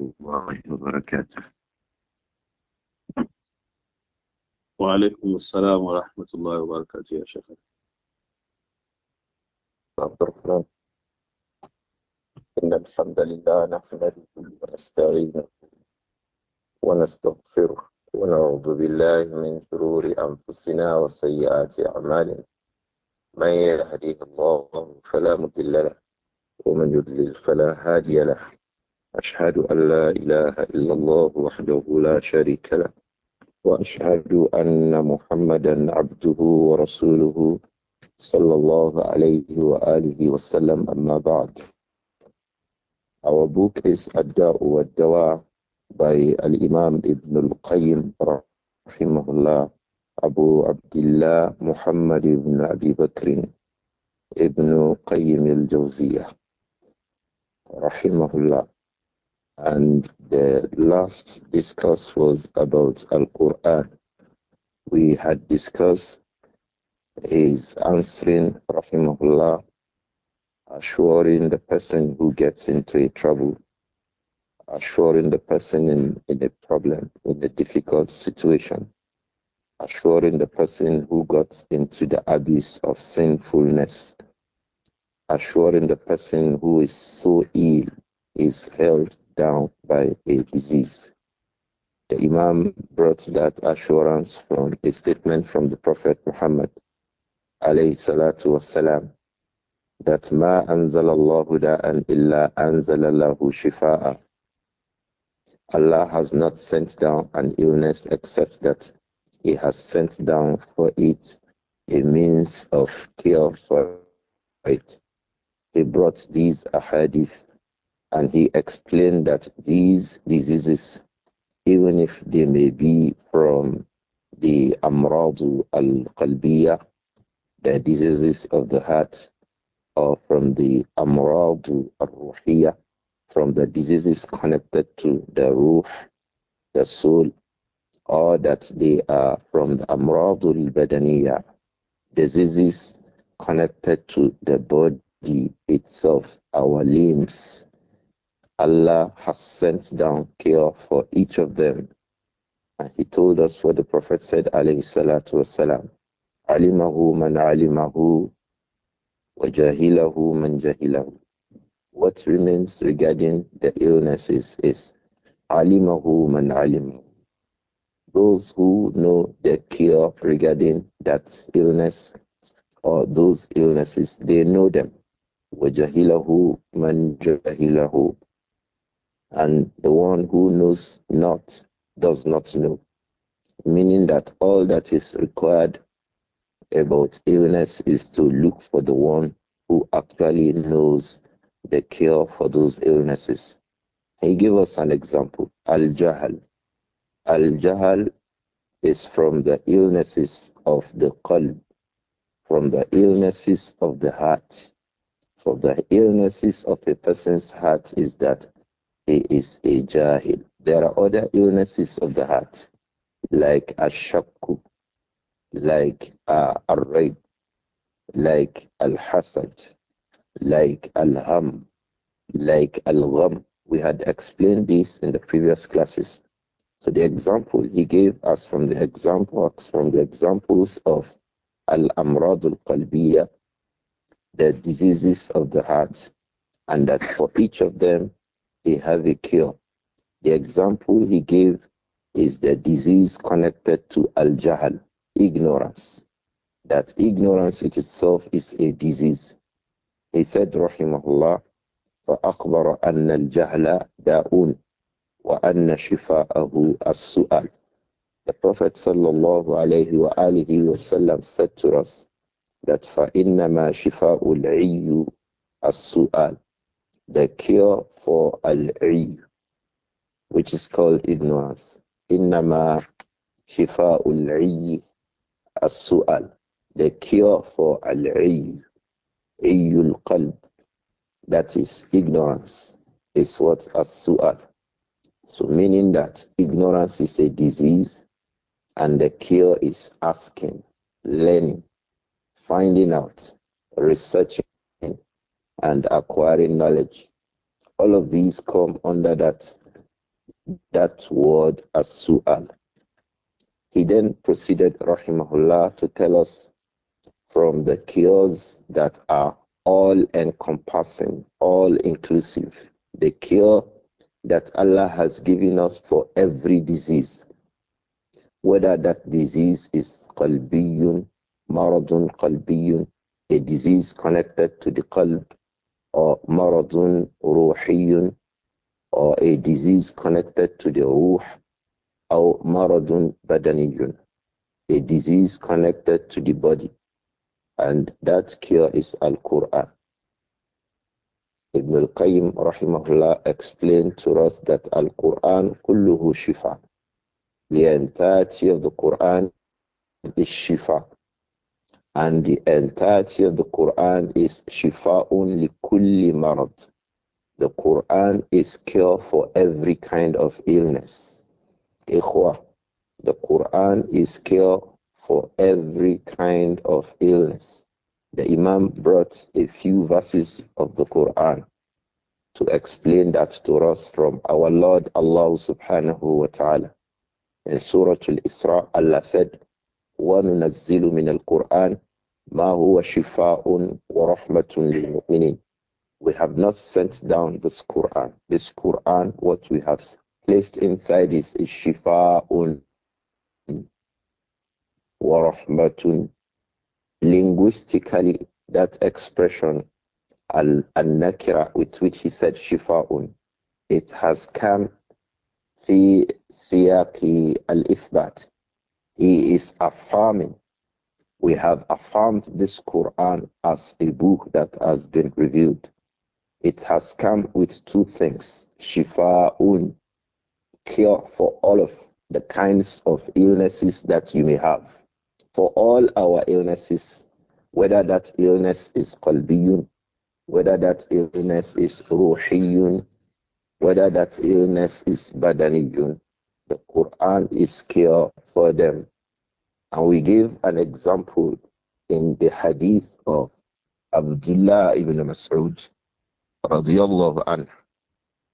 الله وبركاته وعليكم السلام ورحمة الله وبركاته يا شيخ عبد الرحمن إن الحمد لله نحمده ونستعينه ونستغفره ونعوذ بالله من شرور أنفسنا وسيئات أعمالنا من يهديه الله فلا مضل له ومن يضلل فلا هادي له أشهد أن لا إله إلا الله وحده لا شريك له وأشهد أن محمدا عبده ورسوله صلى الله عليه وآله وسلم أما بعد Our book is Ad-Da'u wa dawa by Al-Imam Ibn Al-Qayyim rahimahullah Abu Abdullah Muhammad ibn Abi Bakrin ibn Qayyim al-Jawziyah rahimahullah And the last discuss was about Al Quran. We had discussed his answering Rahimahullah, assuring the person who gets into a trouble, assuring the person in, in a problem, in a difficult situation, assuring the person who got into the abyss of sinfulness, assuring the person who is so ill, his health down by a disease. The Imam brought that assurance from a statement from the Prophet Muhammad alayhi salatu wasalam that الله داء إلا أنزل الله شفاء. Allah has not sent down an illness except that He has sent down for it a means of cure for it. He brought these ahadith and he explained that these diseases, even if they may be from the amradu al-qalbiya, the diseases of the heart, or from the amradu al-ruhiyya, from the diseases connected to the ruh, the soul, or that they are from the al badaniya, diseases connected to the body itself, our limbs, Allah has sent down care for each of them. And he told us what the Prophet said, alayhi salatu wasalam. Alimahu man alimahu wa jahilahu man jahilahu. What remains regarding the illnesses is alimahu man alimahu. Those who know the cure regarding that illness or those illnesses, they know them. وَجَهِلَهُ مَنْ جَهِلَهُ and the one who knows not does not know. Meaning that all that is required about illness is to look for the one who actually knows the cure for those illnesses. He gave us an example Al Jahal. Al Jahal is from the illnesses of the qalb, from the illnesses of the heart. From the illnesses of a person's heart is that is a jahil. There are other illnesses of the heart, like ashakku, like uh, ar like al-hasad, like al-ham, like al-gham. We had explained this in the previous classes. So the example he gave us from the examples from the examples of al-amrad al-qalbiyah, the diseases of the heart, and that for each of them they have a cure. The example he gave is the disease connected to al jahal, ignorance. That ignorance itself is a disease. He said, Rahimahullah, فأخبر أن الجهل داء وأن شفاءه السؤال. The Prophet sallallahu alayhi wa alihi wasallam said to us that فإنما شفاء العي السؤال the cure for al-'i, which is called ignorance. Innama shifa'ul'i as-su'al. The cure for al-'i, iyul qalb, that is ignorance, is what as-su'al. So meaning that ignorance is a disease and the cure is asking, learning, finding out, researching and acquiring knowledge. All of these come under that that word as su'al. He then proceeded, rahimahullah, to tell us from the cures that are all encompassing, all inclusive, the cure that Allah has given us for every disease, whether that disease is qalbiyun, maradun qalbiyun, a disease connected to the qalb, or maradun ruhiyun or a disease connected to the ruh or maradun badaniyun a disease connected to the body and that cure is al-Quran Ibn al-Qayyim rahimahullah explained to us that al-Quran kulluhu shifa the entirety of the Quran is shifa and the entirety of the Quran is shifa only kulli marad. The Quran is cure for every kind of illness. Ikhwa, the Quran is cure for every kind of illness. The Imam brought a few verses of the Quran to explain that to us from our Lord Allah subhanahu wa ta'ala. In Surah Al Isra, Allah said, وننزل من القرآن ما هو شفاء ورحمة للمؤمنين We have not sent down this Quran. This Quran, what we have placed inside is a shifa'un wa rahmatun. Linguistically, that expression al-nakira with which he said shifa'un, it has come في al الإثبات he is affirming. We have affirmed this Quran as a book that has been revealed. It has come with two things Shifa'un, cure for all of the kinds of illnesses that you may have. For all our illnesses, whether that illness is qalbiyun, whether that illness is ruhiyun, whether that illness is badaniyun, the Quran is cure for them. And we give an example in the hadith of Abdullah ibn Mas'ud radiallahu anhu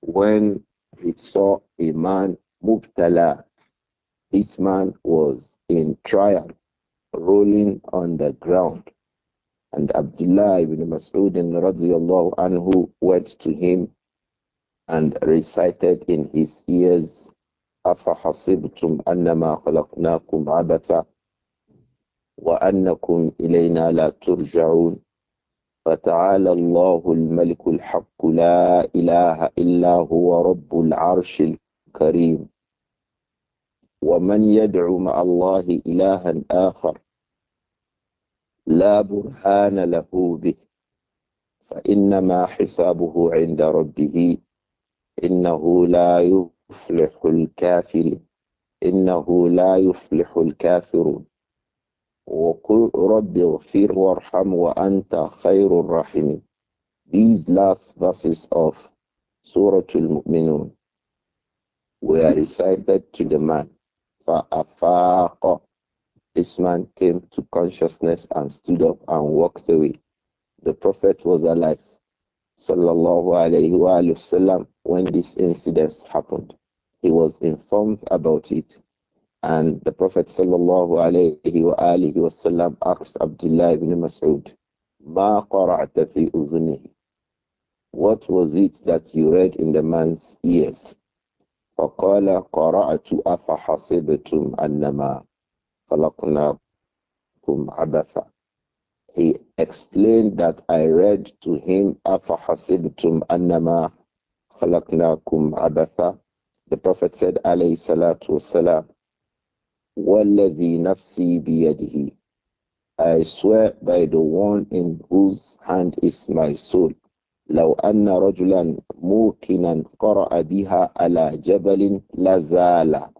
when he saw a man mubtala. This man was in trial, rolling on the ground. And Abdullah ibn Mas'ud radiallahu anhu went to him and recited in his ears, أَفَحَصِبْتُمْ أَنَّمَا خَلَقْنَاكُمْ عَبَثًا وأنكم إلينا لا ترجعون فتعالى الله الملك الحق لا إله إلا هو رب العرش الكريم ومن يدعو مع الله إلها آخر لا برهان له به فإنما حسابه عند ربه إنه لا يفلح الكافر إنه لا يفلح الكافرون وَقُلْ رَبِّ اغْفِرْ وَارْحَمْ وَأَنْتَ خَيْرُ الرَّاحِمِينَ These last verses of Surah Al-Mu'minun were recited to the man. فَأَفَاقَ This man came to consciousness and stood up and walked away. The Prophet was alive, sallallahu alayhi alayhi wa sallam, when this incident happened. He was informed about it and the Prophet sallallahu alayhi wa asked Abdullah ibn Mas'ud, Ma fi What was it that you read in the man's ears? فقال قرأت أفحسبتم أنما خلقناكم عبثا He explained that I read to him أفحسبتم أنما خلقناكم عبثا The Prophet said عليه الصلاة والسلام Wallahi nafsi biyadihi. I swear by the one in whose hand is my soul. لو أن رجلا موقنا قرأ بها على جبل لزال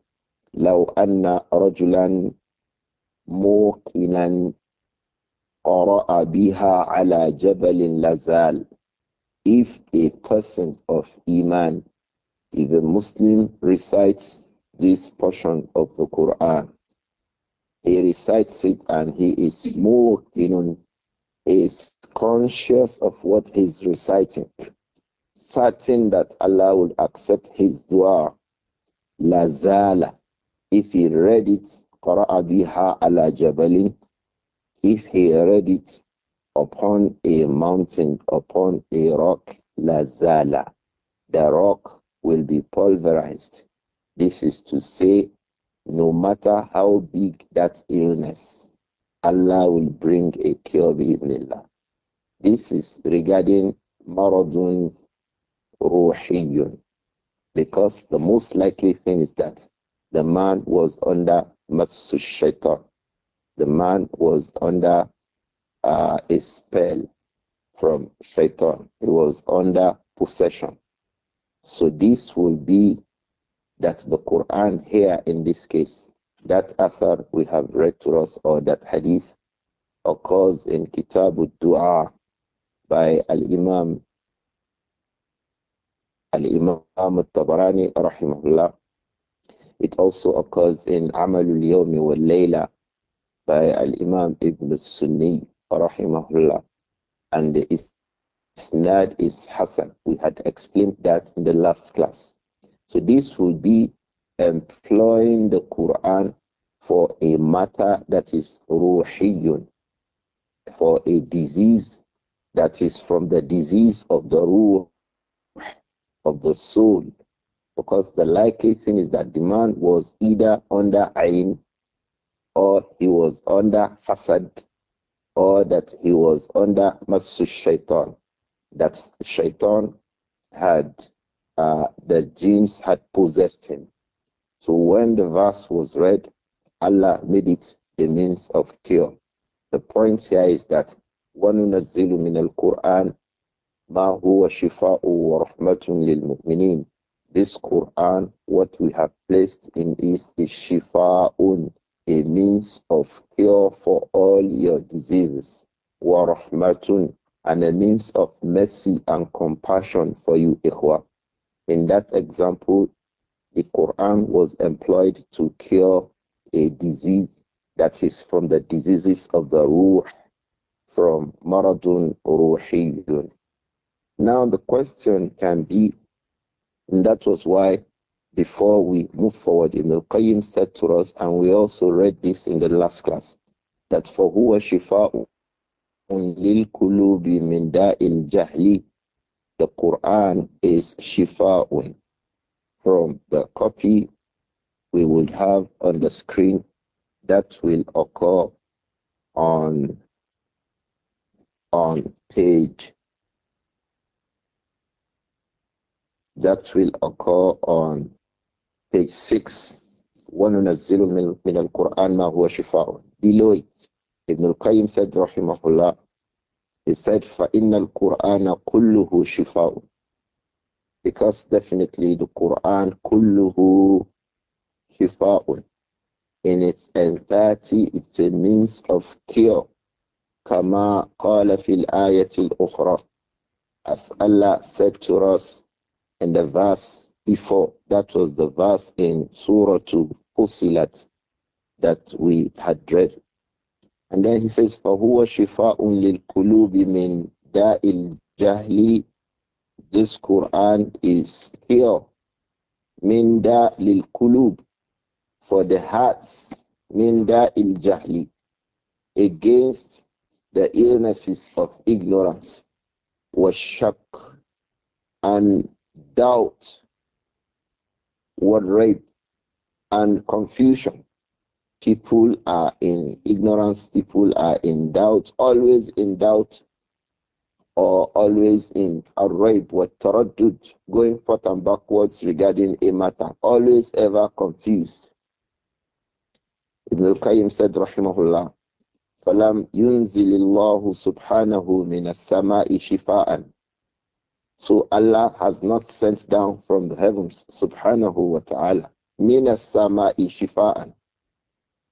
لو أن رجلا موقنا قرأ بها على جبل لزال If a person of Iman, if a Muslim recites this portion of the Quran. He recites it and he is smoking, is conscious of what he's reciting, certain that Allah would accept his dua. Lazala. If he read it, Qara'a biha ala jabalin. If he read it upon a mountain, upon a rock, lazala. The rock will be pulverized this is to say, no matter how big that illness, Allah will bring a cure bi'idhnillah. This is regarding maradun ruhiyun. Because the most likely thing is that the man was under matsu shaitan. The man was under uh, a spell from shaitan. He was under possession. So this will be that the Quran here in this case, that author we have read to us or that hadith occurs in Kitab al-Dua by Al-Imam Al-Imam al-Tabarani rahimahullah. It also occurs in Amalul Yawmi wal Layla by Al-Imam Ibn al-Sunni rahimahullah. And the isnad is Hassan. We had explained that in the last class. So this will be employing the Quran for a matter that is ruhiyun, for a disease that is from the disease of the ruh, of the soul. Because the likely thing is that the man was either under ayn or he was under fasad or that he was under masu shaitan, that shaitan had uh, the jinns had possessed him. So when the verse was read, Allah made it a means of cure. The point here is that al-Quran, مِنَ huwa shifa wa rahmatun lil-mu'minin. This Quran, what we have placed in is a shifa'un, a means of cure for all your diseases. rahmatun, And a means of mercy and compassion for you, ikhwa. In that example, the Quran was employed to cure a disease that is from the diseases of the ruh, from maradun ruhiyun. Now the question can be, and that was why before we move forward, Ibn al-Qayyim said to us, and we also read this in the last class, that for huwa shifa'un lil kulubi min da'il jahli the Quran is Shifa'un. From the copy we would have on the screen that will occur on on page that will occur on page 6 وَنُنَزِّلُ مِنَ الْقُرْآنِ مَا هُوَ شِفَاءٌ Below it, Ibn al-Qayyim said, الله. He said, فَإِنَّ الْقُرْآنَ كُلُّهُ شِفَاءٌ Because definitely the Quran كُلُّهُ شِفَاءٌ In its entirety, it's a means of cure. كما قال في الآية الأخرى As Allah said to us in the verse before, that was the verse in Surah to Fusilat that we had read. And then he says, فَهُوَ شِفَاءٌ لِلْقُلُوبِ مِنْ دَاءِ الْجَهْلِ This Quran is cure min da'il qulub for the hearts min il jahli against the illnesses of ignorance was shock and doubt was rape and confusion People are in ignorance, people are in doubt, always in doubt, or always in a rape Torah do? going forth and backwards regarding a matter, always ever confused. Ibn al-Qayyim said, rahimahullah, فَلَمْ يُنزِلِ اللَّهُ سُبْحَانَهُ مِنَ السَّمَاءِ شِفَاءً So Allah has not sent down from the heavens, subhanahu wa ta'ala, مِنَ السَّمَاءِ شِفَاءً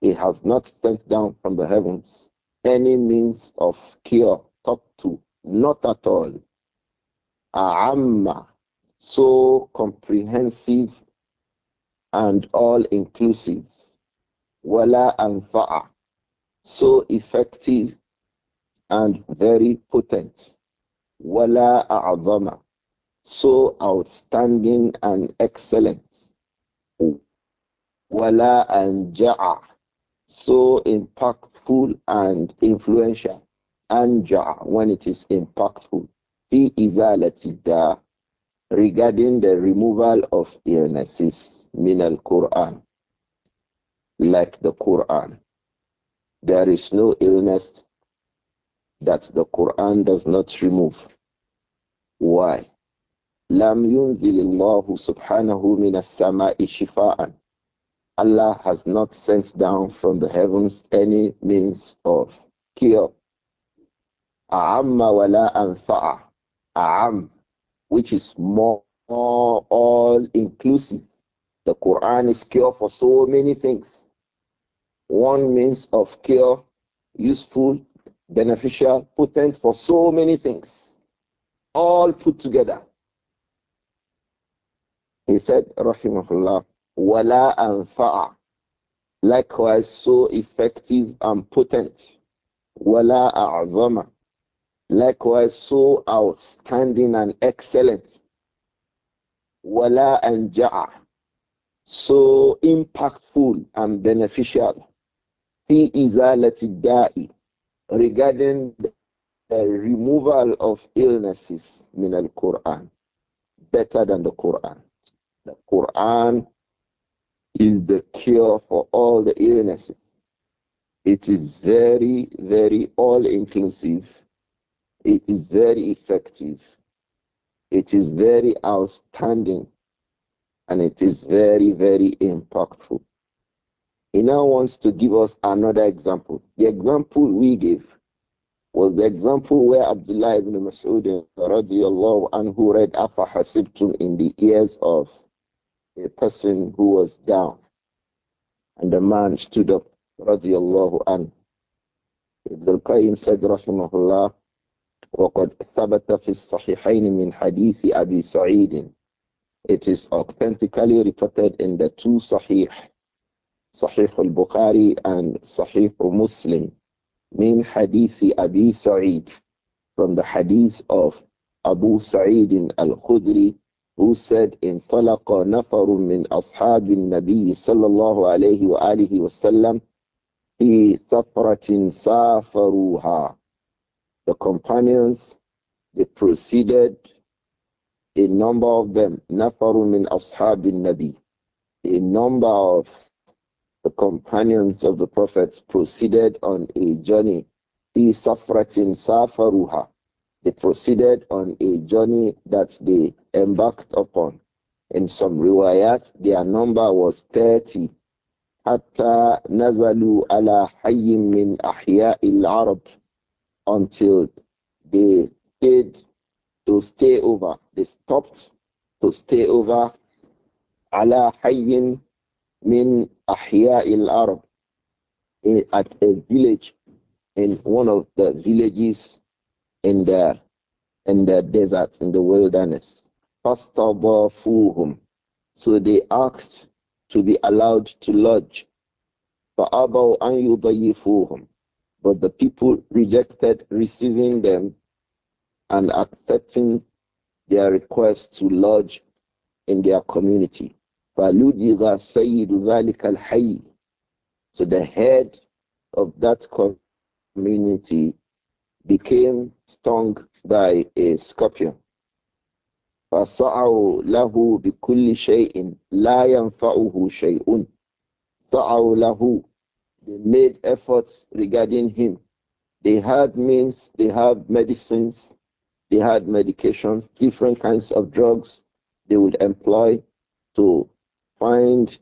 he has not sent down from the heavens any means of cure, talk to, not at all. A'amma, so comprehensive and all inclusive. Wala anfa'a, so effective and very potent. Wala a'zama, so outstanding and excellent. Wala anja'a, so impactful and influential. Anja, when it is impactful, fi izalatida, regarding the removal of illnesses, min al Quran, like the Quran. There is no illness that the Quran does not remove. Why? لم ينزل الله سبحانه من السماء شفاءً Allah has not sent down from the heavens any means of cure. A'amma wala anfa'a. A'am, which is more, more all inclusive. The Quran is cure for so many things. One means of cure, useful, beneficial, potent for so many things. All put together. He said, Rahimahullah, wala anfa'a. Likewise, so effective and potent. Wala a'zama. Likewise, so outstanding and excellent. Wala anja'a. So impactful and beneficial. Fi izalati da'i. Regarding the removal of illnesses min al-Quran. Better than the Quran. The Quran is the cure for all the illnesses. It is very, very all inclusive. It is very effective. It is very outstanding. And it is very, very impactful. He now wants to give us another example. The example we gave was the example where Abdullah ibn Mas'ud radiallahu anhu read Afahasibtum in the ears of a person who was down, and the man stood up, radiallahu anhu. Ibn al-Qayyim said, rahimahullah, وقد ثبت في الصحيحين من حديث أبي سعيد It is authentically reported in the two Sahih, Sahih al-Bukhari and Sahih Muslim, من حديث أبي سعيد from the hadith of Abu Sa'id al-Khudri who said in talaqa nafarun min ashabin nabi sallallahu alayhi wa alihi wasallam fi safratin safaruha the companions they proceeded a number of them nafarun min ashabin nabi a number of the companions of the prophets proceeded on a journey fi safratin safaruha they proceeded on a journey that they embarked upon. In some riwayat, their number was 30. حتى نزلوا على حي من أحياء العرب until they stayed to stay over. They stopped to stay over على حي من أحياء العرب at a village in one of the villages in the in the deserts, in the wilderness. فَاسْتَضَافُوهُمْ So they asked to be allowed to lodge. فَأَبَوْا But the people rejected receiving them and accepting their request to lodge in their community. So the head of that community became stung by a scorpion. فَصَعَوْا لَهُ بِكُلِّ شَيْءٍ لَا يَنْفَعُهُ شَيْءٌ صَعَوْا لَهُ They made efforts regarding him. They had means, they had medicines, they had medications, different kinds of drugs they would employ to find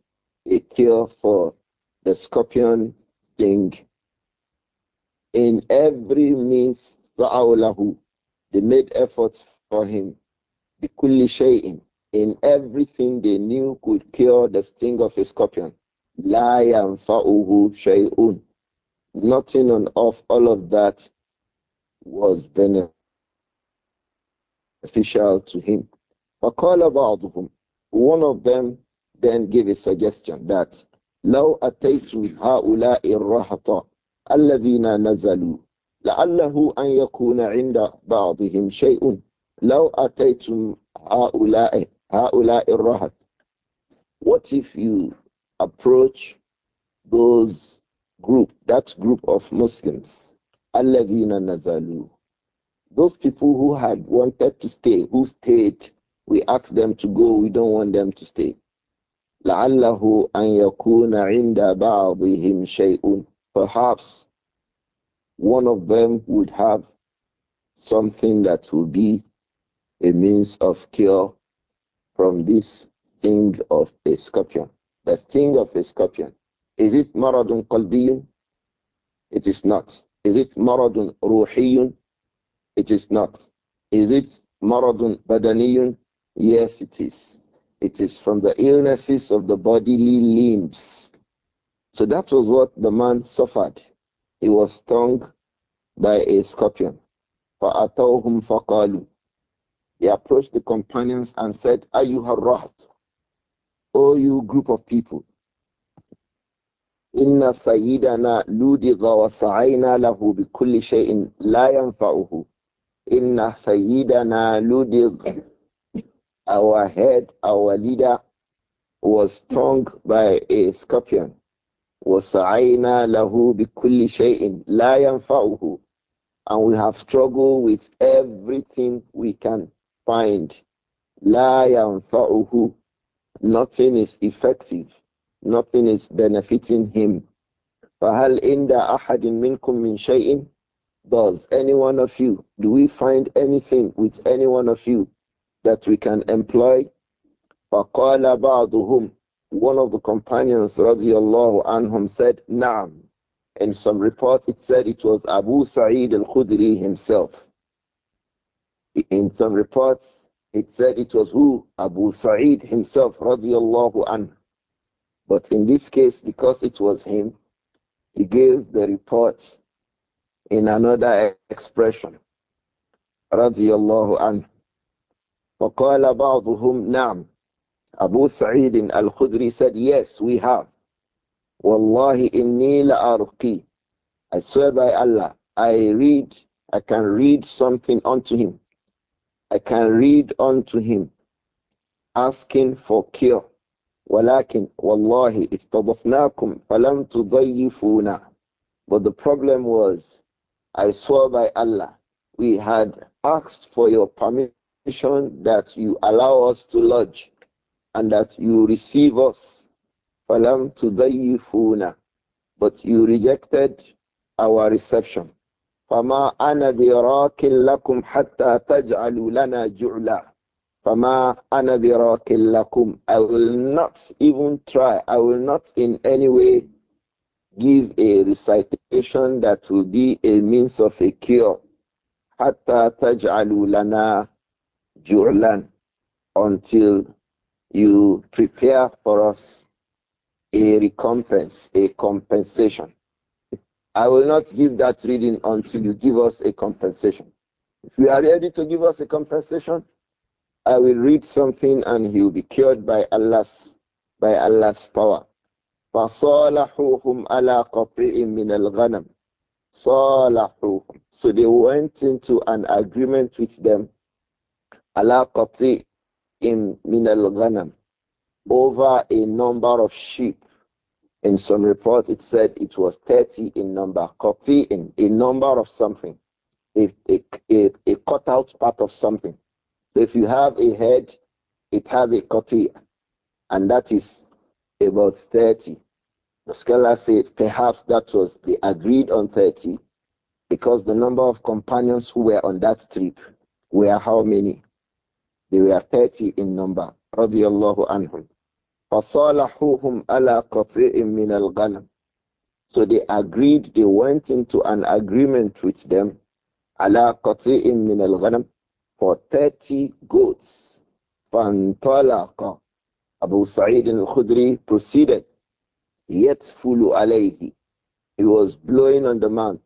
a cure for the scorpion sting in every means lahu. They made efforts for him. بِكُلِّ شَيْءٍ In everything they knew could cure the sting of a scorpion. لَا يَنْفَعُهُ shayun. Nothing on earth, all of that was beneficial to him. فَقَالَ بَعْضُهُمْ One of them then gave a suggestion that لَوْ أَتَيْتُ هَؤُلَاءِ الرَّهَطَةِ الذين نزلوا لعله أن يكون عند بعضهم شيء لو أتيتم هؤلاء هؤلاء الرهط What if you approach those group, that group of Muslims, الذين نزلوا Those people who had wanted to stay, who stayed, we asked them to go, we don't want them to stay. لعله أن يكون عند بعضهم شيء Perhaps one of them would have something that will be a means of cure from this sting of a scorpion. The sting of a scorpion. Is it maradun qalbiyun? It is not. Is it maradun ruhiyun? It is not. Is it maradun badaniyun? Yes, it is. It is from the illnesses of the bodily limbs. So that was what the man suffered. He was stung by a scorpion. He approached the companions and said, "Are you الرَّهْتُ O you group of people, inna sayyidana ludiga wa sa'ayna lahu bi kulli shay'in la yanfa'uhu inna sayyidana ludig our head our leader was stung by a scorpion وَسَعَيْنَا لَهُ بِكُلِّ شَيْءٍ لَا يَنْفَعُهُ And we have struggled with everything we can find. لَا يَنْفَعُهُ Nothing is effective. Nothing is benefiting him. فَهَلْ أَحَدٍ مِنْكُمْ مِنْ شَيْءٍ Does any one of you, do we find anything with any one of you that we can employ? فَقَالَ بَعْضُهُمْ one of the companions, radiallahu anhum, said, Naam. In some report, it said it was Abu Sa'id al Khudri himself. In some reports, it said it was who? Abu Sa'id himself, radiallahu anhu. But in this case, because it was him, he gave the report in another expression. رضي الله عنه وقال بعضهم نعم Abu Sa'id al-Khudri said, Yes, we have. Wallahi inni la'arqi. I swear by Allah, I read, I can read something unto him. I can read unto him, asking for cure. ولكن Wallahi, استضفناكم فلم تضيفونا. But the problem was, I swear by Allah, we had asked for your permission that you allow us to lodge and that you receive us. فَلَمْ تُضَيِّفُونَ But you rejected our reception. فَمَا أَنَا بِرَاكٍ لَكُمْ حَتَّى تَجْعَلُوا لَنَا جُعْلًا فَمَا أَنَا بِرَاكٍ لَكُمْ I will not even try, I will not in any way give a recitation that will be a means of a cure. حَتَّى تَجْعَلُوا لَنَا جُعْلًا Until you prepare for us a recompense, a compensation. I will not give that reading until you give us a compensation. If you are ready to give us a compensation, I will read something and he will be cured by Allah's by Allah's power. فصالحوهم على قطيع من الغنم صالحوهم so they went into an agreement with them على قطيع in min over a number of sheep. In some reports, it said it was 30 in number, 40 in a number of something, a, a, a, a cut out part of something. So if you have a head, it has a kotia, and that is about 30. The scholar said perhaps that was they agreed on 30 because the number of companions who were on that trip were how many? They were 30 in number. Radiallahu anhum. فَصَالَحُوهُمْ عَلَىٰ قَطِيءٍ مِّنَ الْغَنَمِ So they agreed, they went into an agreement with them. عَلَىٰ قَطِيءٍ مِّنَ الْغَنَمِ For 30 goats. فَانْطَلَقَ Abu Sa'id al-Khudri proceeded. Yet يَتْفُلُ عَلَيْهِ He was blowing on the man.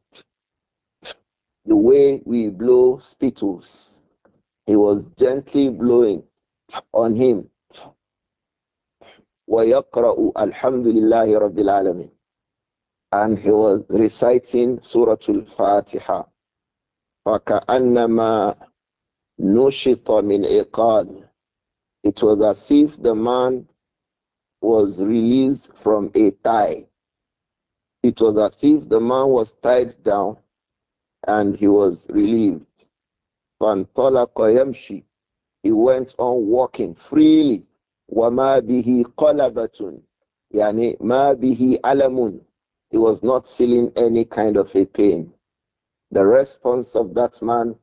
The way we blow spittles he was gently blowing on him. وَيَقْرَأُ الْحَمْدُ لِلَّهِ رَبِّ الْعَالَمِينَ And he was reciting Surah Al-Fatiha. فَكَأَنَّمَا نُشِطَ مِنْ إِقَالٍ It was as if the man was released from a tie. It was as if the man was tied down and he was relieved. فَانْطَلَقَ He went on walking freely. وَمَا bihi قَلَبَةٌ يعني مَا بِهِ alamun. He was not feeling any kind of a pain. The response of that man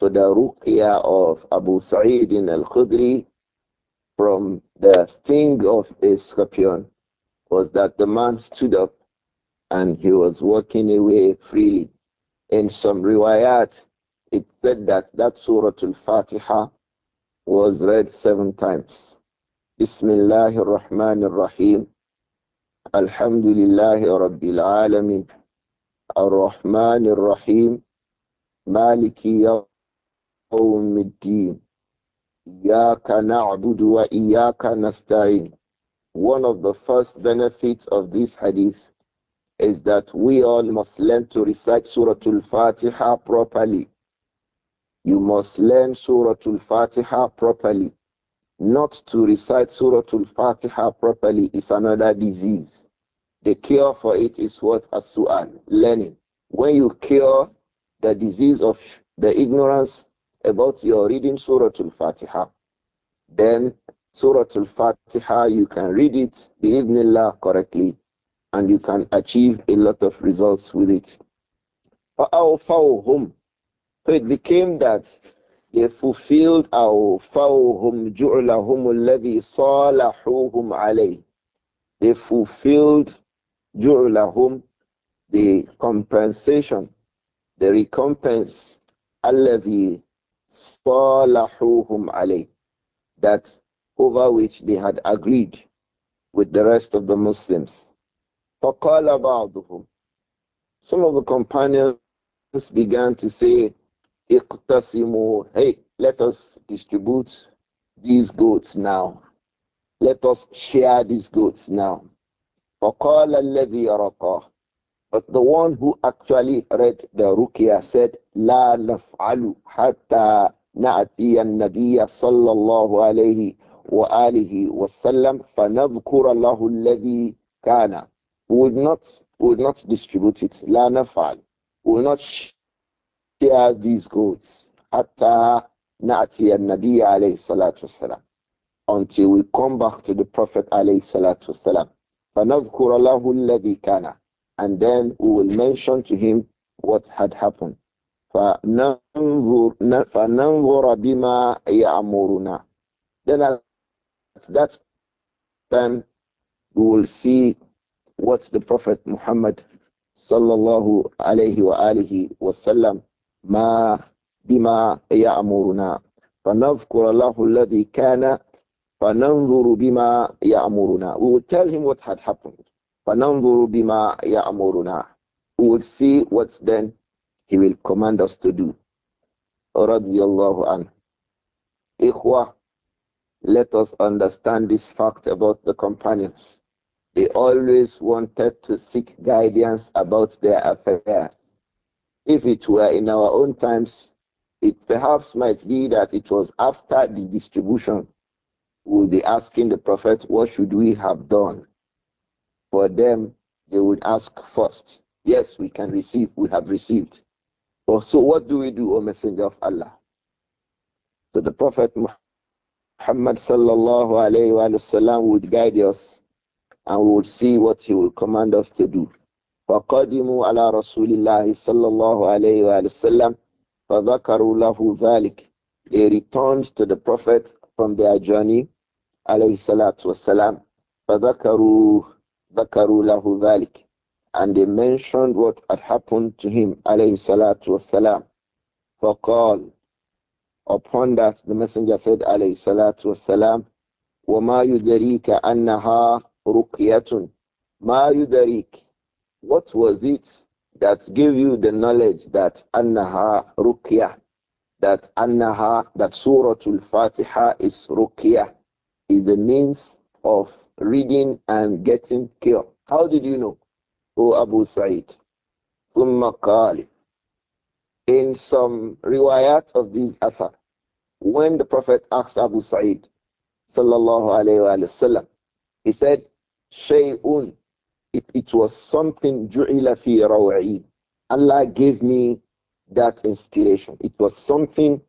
to the ruqya of Abu Sa'id al-Khudri from the sting of a scorpion was that the man stood up and he was walking away freely. In some riwayat, it said that that Surah Al-Fatiha was read seven times. Bismillah ar-Rahman ar-Rahim. Alhamdulillah Rabbil Alameen. Ar-Rahman ar-Rahim. Maliki kana الدين. إياك ya kana نستعين. One of the first benefits of this hadith is that we all must learn to recite Surah Al-Fatiha properly. You must learn Surah Al-Fatiha properly. Not to recite Surah Al-Fatiha properly is another disease. The cure for it is what? as suan learning. When you cure the disease of the ignorance about your reading Surah Al-Fatiha, then Surah Al-Fatiha, you can read it, bi'idhnillah, correctly, and you can achieve a lot of results with it. فَأَوْفَوْهُمْ so it became that they fulfilled أَوْفَوْهُمْ جُعْلَهُمُ الَّذِي صَالَحُوهُمْ عَلَيْهِ They fulfilled جُعْلَهُمْ the compensation, the recompense الَّذِي صَالَحُوهُمْ عَلَيْهِ that over which they had agreed with the rest of the Muslims. فَقَالَ بَعْضُهُمْ Some of the companions began to say, Iqtasimu. Hey, let us distribute these goats now. Let us share these goats now. But the one who actually read the Ruqya said, لا نفعل حتى نأتي النبي صلى الله عليه وآله وسلم فنذكر الله الذي كان. We would not, we would not distribute it. لا نفعل. We will not shear these goats. nabi alayhi salatu Until we come back to the Prophet alayhi salatu And then we will mention to him what had happened. فَنَنْظُرَ بِمَا يَأْمُرُنَا Then at that time we will see what the Prophet Muhammad sallallahu alayhi wasallam ما بما يأمرنا فنذكر الله الذي كان فننظر بما يأمرنا we will tell him what had happened فننظر بما يأمرنا we will see what then he will command us to do رضي الله عنه إخوة let us understand this fact about the companions they always wanted to seek guidance about their affairs if it were in our own times, it perhaps might be that it was after the distribution we'll be asking the prophet, What should we have done? For them, they would ask first, Yes, we can receive, we have received. Or so, what do we do, O Messenger of Allah? So the Prophet Muhammad sallallahu alayhi wa sallam would guide us and we would see what he will command us to do. فقدموا على رسول الله صلى الله عليه وآله وسلم فذكروا له ذلك they returned to the prophet from their journey عليه الصلاة والسلام فذكروا ذكروا له ذلك and they mentioned what had happened to him عليه الصلاة والسلام فقال upon that the messenger said عليه الصلاة والسلام وما يدريك أنها رقية ما يدريك what was it that gave you the knowledge that Annaha Ruqya, that Annaha, that Suratul Fatiha is Ruqya, is the means of reading and getting cure? How did you know? O Abu Sa'id. Thumma qali. In some riwayat of these athar, when the Prophet asked Abu Sa'id, sallallahu alayhi wa sallam, he said, Shay'un it, it was something Allah gave me that inspiration. It was something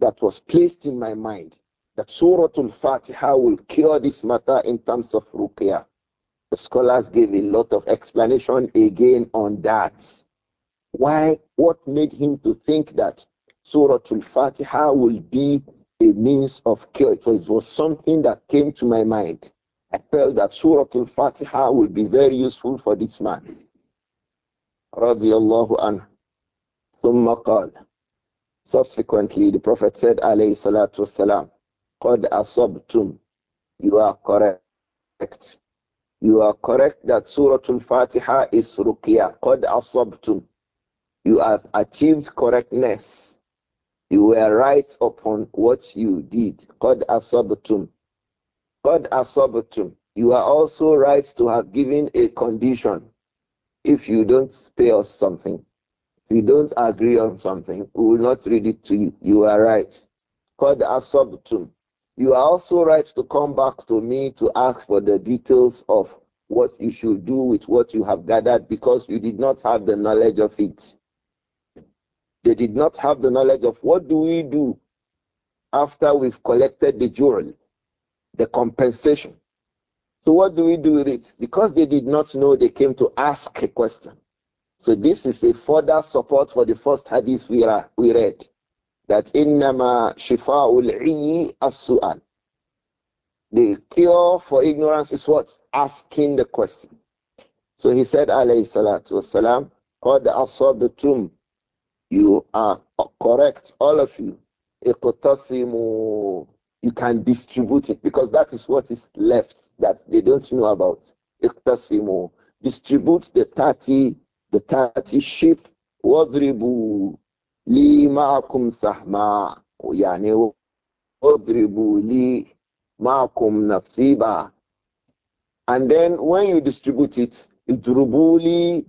that was placed in my mind that Surah Al-Fatiha will cure this matter in terms of ruqyah. The scholars gave a lot of explanation again on that. Why? What made him to think that Surah Al-Fatiha will be a means of cure? It was, it was something that came to my mind. I felt that Surah Al-Fatiha will be very useful for this man. رضي الله Subsequently, the Prophet said, alayhi salatu wasalam, قَدْ أَصَبْتُمْ You are correct. You are correct that Surah Al-Fatiha is ruqya. قَدْ أَصَبْتُمْ You have achieved correctness. You were right upon what you did. قَدْ أَصَبْتُمْ God asabatum. You are also right to have given a condition. If you don't pay us something, if you don't agree on something, we will not read it to you. You are right. God asabatum. You are also right to come back to me to ask for the details of what you should do with what you have gathered because you did not have the knowledge of it. They did not have the knowledge of what do we do after we've collected the jewel the compensation. So what do we do with it? Because they did not know, they came to ask a question. So this is a further support for the first hadith we, ra- we read that innama shifa'ul iyi as-su'al. The cure for ignorance is what? Asking the question. So he said, alayhi salatu wasalam, qad asabatum. You are correct, all of you. Iqtasimu you can distribute it because that is what is left that they don't know about. Distribute the 30, the 30 sheep. واضربوا li معكم سهما يعني واضربوا لي معكم نصيبا and then when you distribute it اضربوا لي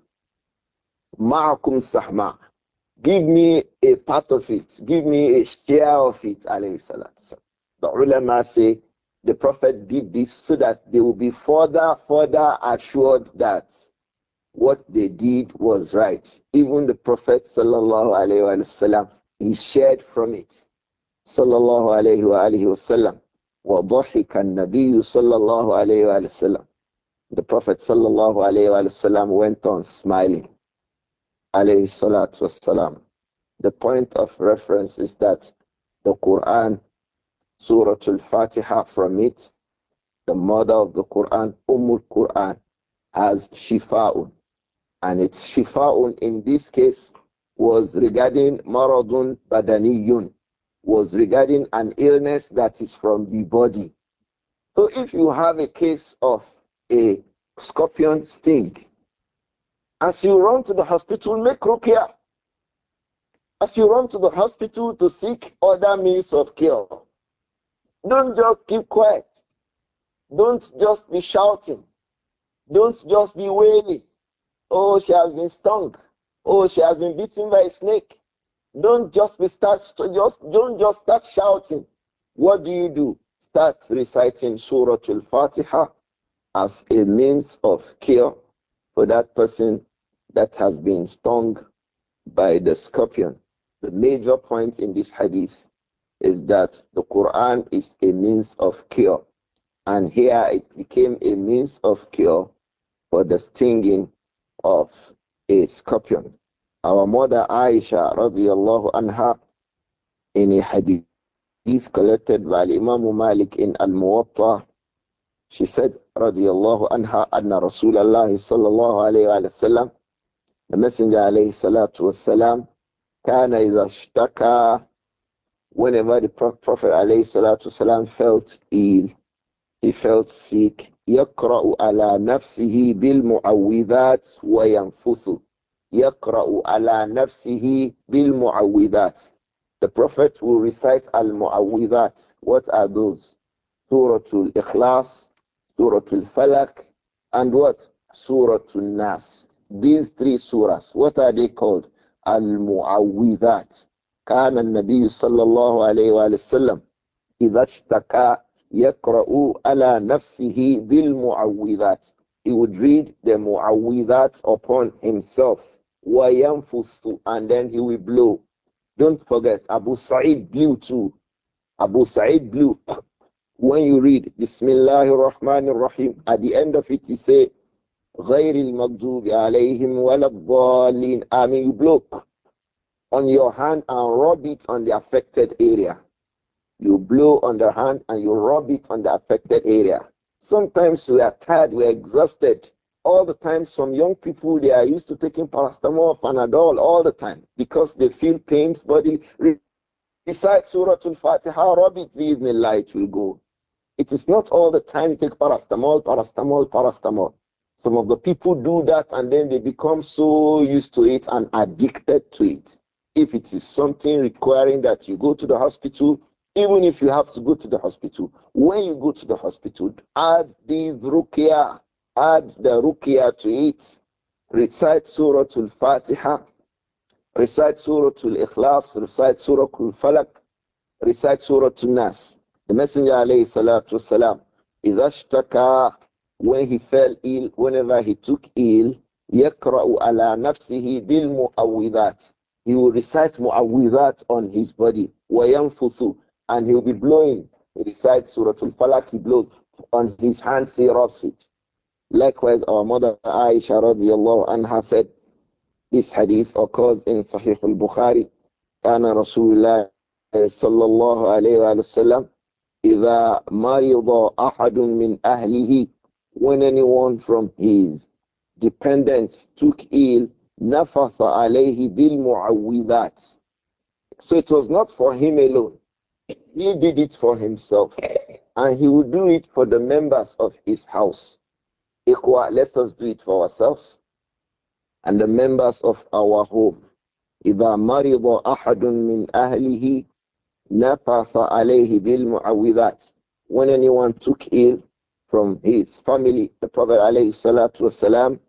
معكم سهما give me a part of it give me a share of it عليه الصلاة والسلام the ulama say the Prophet did this so that they will be further, further assured that what they did was right. Even the Prophet sallallahu alaihi wasallam he shared from it. Sallallahu alaihi wa alihi wasallam. وضحك النبي صلى الله عليه وآله The Prophet sallallahu alayhi wasallam went on smiling Alayhi salatu wasalam. The point of reference is that the Quran Surah Al-Fatiha from it. The mother of the Quran, Ummul Quran, has Shifa'un. And its Shifa'un in this case was regarding Maradun Badaniyun, was regarding an illness that is from the body. So if you have a case of a scorpion sting, as you run to the hospital, make ruqya. As you run to the hospital to seek other means of cure, don't just keep quiet. Don't just be shouting. Don't just be wailing. Oh, she has been stung. Oh, she has been bitten by a snake. Don't just be start just don't just start shouting. What do you do? Start reciting Surah Al-Fatiha as a means of cure for that person that has been stung by the scorpion. The major point in this hadith is that the Quran is a means of cure. And here it became a means of cure for the stinging of a scorpion. Our mother Aisha radiallahu anha in a hadith collected by Imam Malik in Al-Muwatta, she said radiallahu anha anna Rasulallah sallallahu alayhi wa sallam the messenger alayhi salatu was salam kana idha ishtaka Whenever the Prophet والسلام, felt ill, he felt sick, يقرأ على نفسه بالمعوذات وينفث يقرأ على نفسه بالمعوذات The Prophet will recite al-mu'awwidhat. What are those? Suratul Ikhlas, Suratul Falak, and what? Suratul Nas. These three surahs, what are they called? Al-mu'awwidhat. كان النبي صلى الله عليه وآله وسلم إذا اشتكى يقرأ على نفسه بالمعوذات he would read the muawwidat upon himself wayamfusu and then he will blow don't forget abu sa'id blew too abu sa'id blew when you read bismillahir rahmanir rahim at the end of it he say غير المغضوب عليهم ولا الضالين I mean you blow on your hand and rub it on the affected area. You blow on the hand and you rub it on the affected area. Sometimes we are tired, we are exhausted. All the time, some young people they are used to taking paracetamol, Panadol all the time because they feel pains But besides Surah Al-Fatiha, rub it with the light will go. It is not all the time you take paracetamol, paracetamol, paracetamol. Some of the people do that and then they become so used to it and addicted to it. If it is something requiring that you go to the hospital, even if you have to go to the hospital, when you go to the hospital, add the rukia, add the rukia to it. Recite Surah Al-Fatiha, recite Surah Al-Ikhlas, recite Surah Al-Falaq, recite Surah Al-Nas. The Messenger alayhi salatu wasalam, idha when he fell ill, whenever he took ill, يقرأ على نفسه بالمؤوذات he will recite mu'awidat on his body. Wayamfusu. And he will be blowing. He recites Surah Al-Falaq, he blows. On his hands, he rubs it. Likewise, our mother Aisha radiyallahu anha said, this hadith occurs in Sahih al-Bukhari. أنا رسول الله صلى الله عليه وآله وسلم إذا مرض أحد من أهله when anyone from his dependents took ill alayhi bil بِالْمُعَوِّذَاتِ So it was not for him alone. He did it for himself. And he would do it for the members of his house. Ikhwa, let us do it for ourselves and the members of our home. إِذَا مَرِضَ أَحَدٌ مِّنْ أَهْلِهِ نَفَثَ عَلَيْهِ بِالْمُعَوِّذَاتِ When anyone took ill from his family, the Prophet ﷺ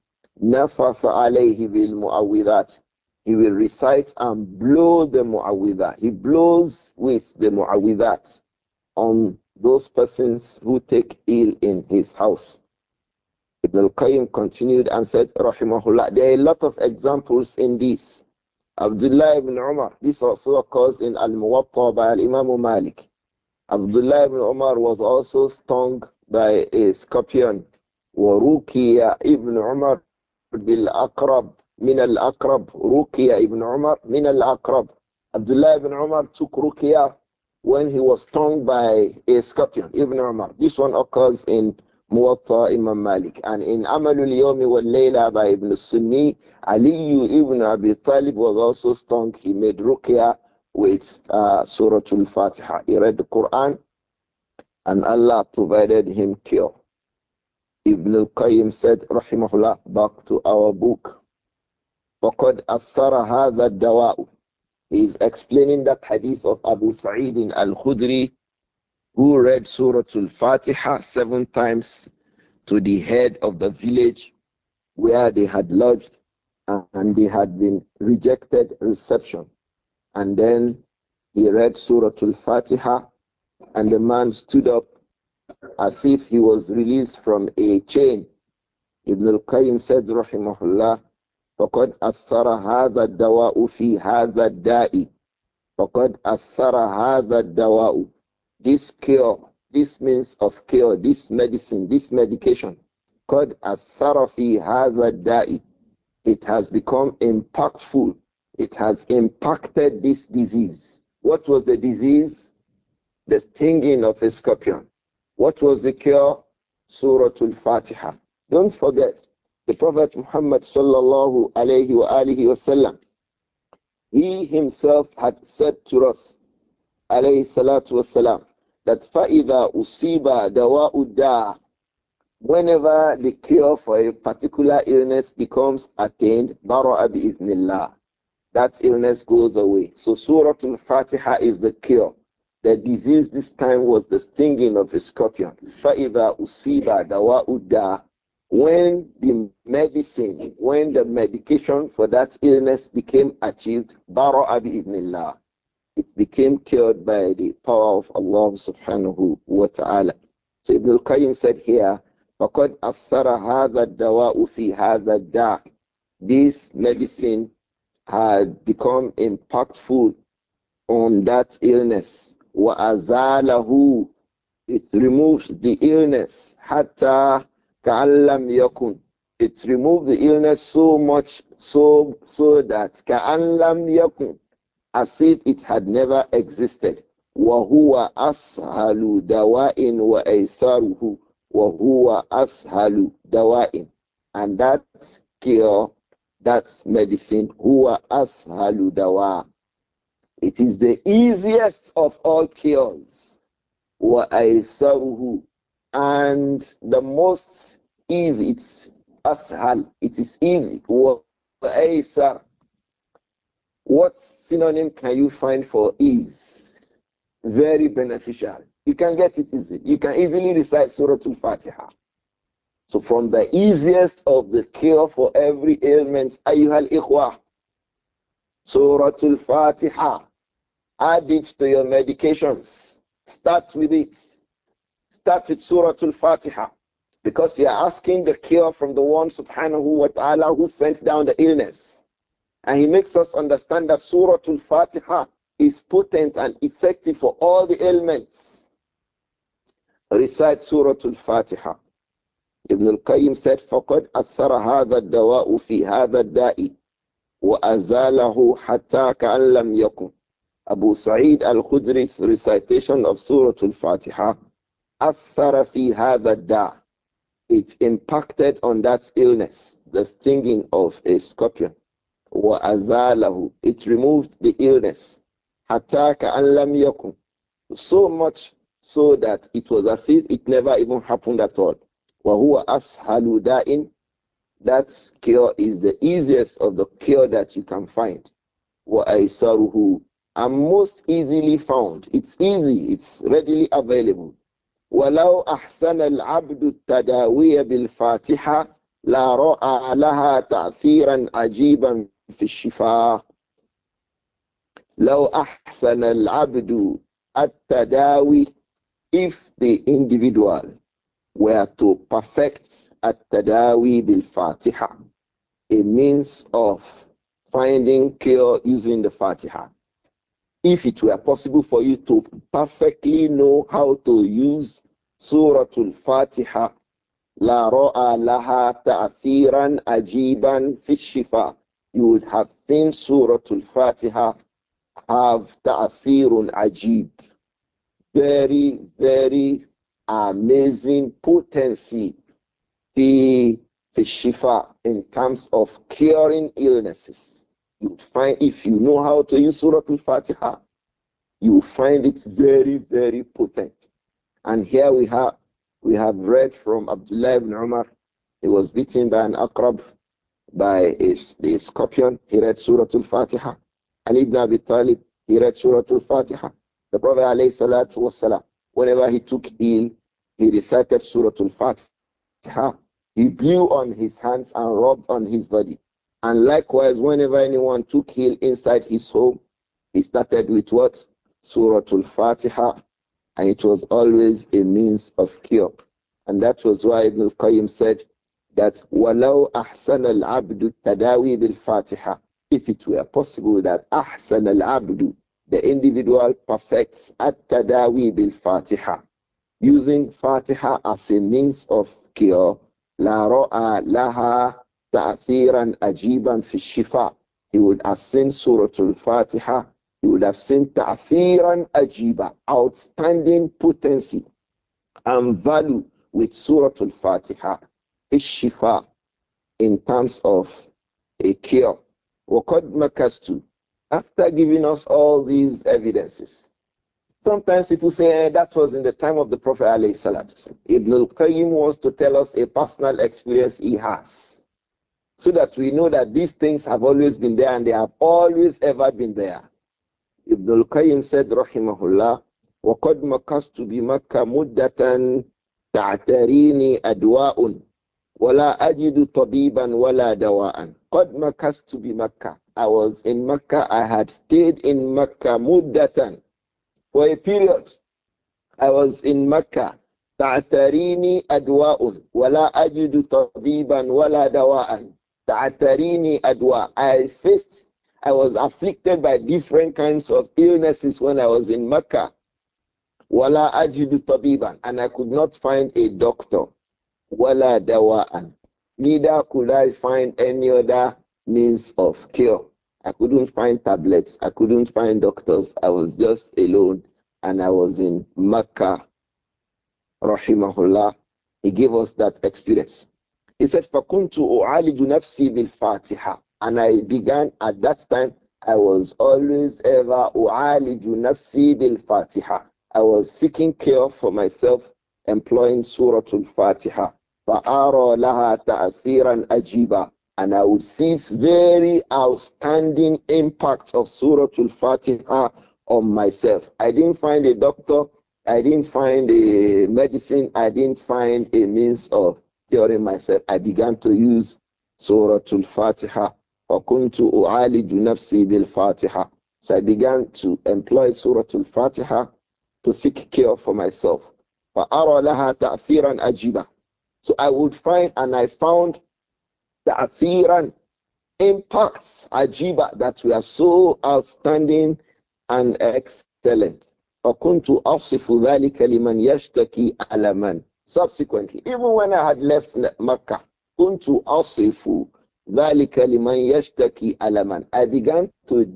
نَفَثَ bil بِالْمُعَوِّذَاتِ He will recite and blow the mu'awwidah. He blows with the mu'awwidah on those persons who take ill in his house. Ibn al-Qayyim continued and said, Rahimahullah, there are a lot of examples in this. Abdullah ibn Umar, this also occurs in Al-Muwatta by Al-Imam Malik. Abdullah ibn Umar was also stung by a scorpion. وَرُوكِيَ ibn Omar. بِالْأَقْرَبِ مِنَ الْأَقْرَبِ Rukia ibn Umar مِنَ الْأَقْرَبِ Abdullah ibn Umar took Rukia when he was stung by a scorpion, Ibn Umar. This one occurs in Muwatta Imam Malik and in Amalul Yawmi wal Layla by Ibn Sunni, Ali ibn Abi Talib was also stung. He made Rukia with uh, Suratul Fatiha. He read the Quran and Allah provided him cure. Ibn al-Qayyim said, rahimahullah, back to our book. وَقَدْ أَثَّرَ هَذَا الدَّوَاءُ He is explaining that hadith of Abu Sa'id al-Khudri who read Surah Al-Fatiha seven times to the head of the village where they had lodged and they had been rejected reception. And then he read Surah Al-Fatiha and the man stood up as if he was released from a chain. Ibn al-Qayyim said, rahimahullah, فَقَدْ أَثَّرَ هَذَا الدَّوَاءُ فِي هَذَا الدَّاءِ فَقَدْ أَثَّرَ هَذَا الدَّوَاءُ This cure, this means of cure, this medicine, this medication, قَدْ أَثَّرَ فِي هَذَا الدَّاءِ It has become impactful. It has impacted this disease. What was the disease? The stinging of a scorpion. What was the cure? Suratul Fatiha. Don't forget, the Prophet Muhammad sallallahu alayhi wa alihi wasallam, he himself had said to us, alayhi salatu that fa'idha usiba dawa'udda, whenever the cure for a particular illness becomes attained, bara'a bi'idhnillah, that illness goes away. So Suratul Fatiha is the cure. The disease this time was the stinging of a scorpion. فَإِذَا أُصِيبَ دَوَاءُ When the medicine, when the medication for that illness became achieved, بَرَأَ بِإِذْنِ It became cured by the power of Allah subhanahu wa ta'ala. So Ibn al-Qayyim said here, فَقَدْ أَثَّرَ هَذَا الدَّوَاءُ فِي هَذَا الدَّاءِ This medicine had become impactful on that illness wa azalahu it removes the illness hatta ka'allam yakun it removes the illness so much so so that ka'allam yakun as if it had never existed wa huwa ashalu dawa'in wa aysaruhu wa huwa ashalu dawa'in and that cure that medicine huwa ashalu dawa. It is the easiest of all cures. وَأَيْسَرُهُ And the most easy, it's ashal, it is easy. وَأَيْسَرُ What synonym can you find for ease? Very beneficial. You can get it easy. You can easily recite Surah Al-Fatiha. So from the easiest of the cure for every ailment, أيها الإخوة, Surah Al-Fatiha. Add it to your medications. Start with it. Start with Surah Al Fatiha because you are asking the cure from the one subhanahu wa ta'ala who sent down the illness. And he makes us understand that Surah Al Fatiha is potent and effective for all the ailments. Recite Surah Al Fatiha. Ibn al Qayyim said, فَقَدْ أَثَّرَ هَذَا الدَّوَاءُ فِي هَذَا الدَّاءِ وَأَزَالَهُ حَتَّى كَأَن لَّمْ يَكُنْ Abu Sa'id al-Khudri's recitation of Surah al-Fatiha أثر في هذا الداء it impacted on that illness, the stinging of a scorpion. وَأَزَالَهُ It removed the illness. حَتَّى كَأَنْ لَمْ يَكُنْ So much so that it was as if it never even happened at all. وَهُوَ أَسْهَلُ دَائِن That cure is the easiest of the cure that you can find. وَأَيْسَرُهُ are most easily found. It's easy, it's readily available. ولو أحسن العبد التداوي بالفاتحة لا رأى لها تأثيرا عجيبا في الشفاء لو أحسن العبد التداوي if the individual were to perfect التداوي بالفاتحة a means of finding cure using the Fatiha if it were possible for you to perfectly know how to use Suratul Fatiha, La Ra'a Laha Ta'athiran Ajiban Fishifa, you would have seen Suratul Fatiha have Ta'athirun Ajib. Very, very amazing potency be shifa in terms of curing illnesses you find if you know how to use Surah Al-Fatiha, you find it very, very potent. And here we have we have read from Abdullah ibn Umar. He was beaten by an akrab, by a, scorpion. He read Surah Al-Fatiha. And Ibn Abi Talib, he read Surah Al-Fatiha. The Prophet والسلام, whenever he took ill, he recited Surah Al-Fatiha. He blew on his hands and rubbed on his body. And likewise, whenever anyone took ill inside his home, he started with what? Suratul Fatiha. And it was always a means of cure. And that was why Ibn al-Qayyim said that walau ahsan al-abdu tadawi bil-fatiha. If it were possible that ahsan al-abdu, the individual perfects at-tadawi bil-fatiha. Using fatiha as a means of cure, la ra'a laha ta'thiran ajiban fi shifa. He would have seen Surah Al-Fatiha. He would have seen ta'thiran ajiba, outstanding potency and value with Surah Al-Fatiha. Shifa in terms of a cure. Waqad makastu. After giving us all these evidences, sometimes people say eh, that was in the time of the Prophet Ibn al-Qayyim wants to tell us a personal experience he has so that we know that these things have always been there and they have always ever been there. Ibn al-Qayyim said, rahimahullah, وَقَدْ مَكَسْتُ بِمَكَّةَ مُدَّةً تَعْتَرِينِي أَدْوَاءٌ وَلَا أَجِدُ طَبِيبًا وَلَا دَوَاءً قَدْ مَكَسْتُ بِمَكَّةَ I was in Mecca, I had stayed in Mecca muddatan, for a period. I was in Mecca. تعتريني أدواء ولا أجد طبيبا ولا دواء Ta'atarini adwa. I faced, I was afflicted by different kinds of illnesses when I was in Mecca. Wala ajidu tabiban. And I could not find a doctor. Wala dawa'an. Neither could I find any other means of cure. I couldn't find tablets. I couldn't find doctors. I was just alone and I was in Mecca. Rahimahullah. He gave us that experience. He said, فَكُنْتُ أُعَالِجُ نَفْسِي Fatiha," And I began at that time, I was always ever أُعَالِجُ نَفْسِي Fatiha. I was seeking care for myself, employing Surah Al-Fatiha. فَأَرَى لَهَا تَأْثِيرًا ajiba, and I would see very outstanding impact of Surah Al-Fatiha on myself. I didn't find a doctor, I didn't find a medicine, I didn't find a means of curing myself, I began to use Surah Al-Fatiha. وَكُنْتُ أُعَالِجُ نَفْسِي بِالْفَاتِحَةِ So I began to employ Surah Al-Fatiha to seek care for myself. فَأَرَى لَهَا تَأْثِيرًا أَجِيبًا So I would find, and I found athiran impacts ajiba that were so outstanding and excellent. فكنت أصف ذلك لمن يشتكي ألما Subsequently, even when I had left Makkah, kuntu asifu dhalika liman yashtaki alaman. I began to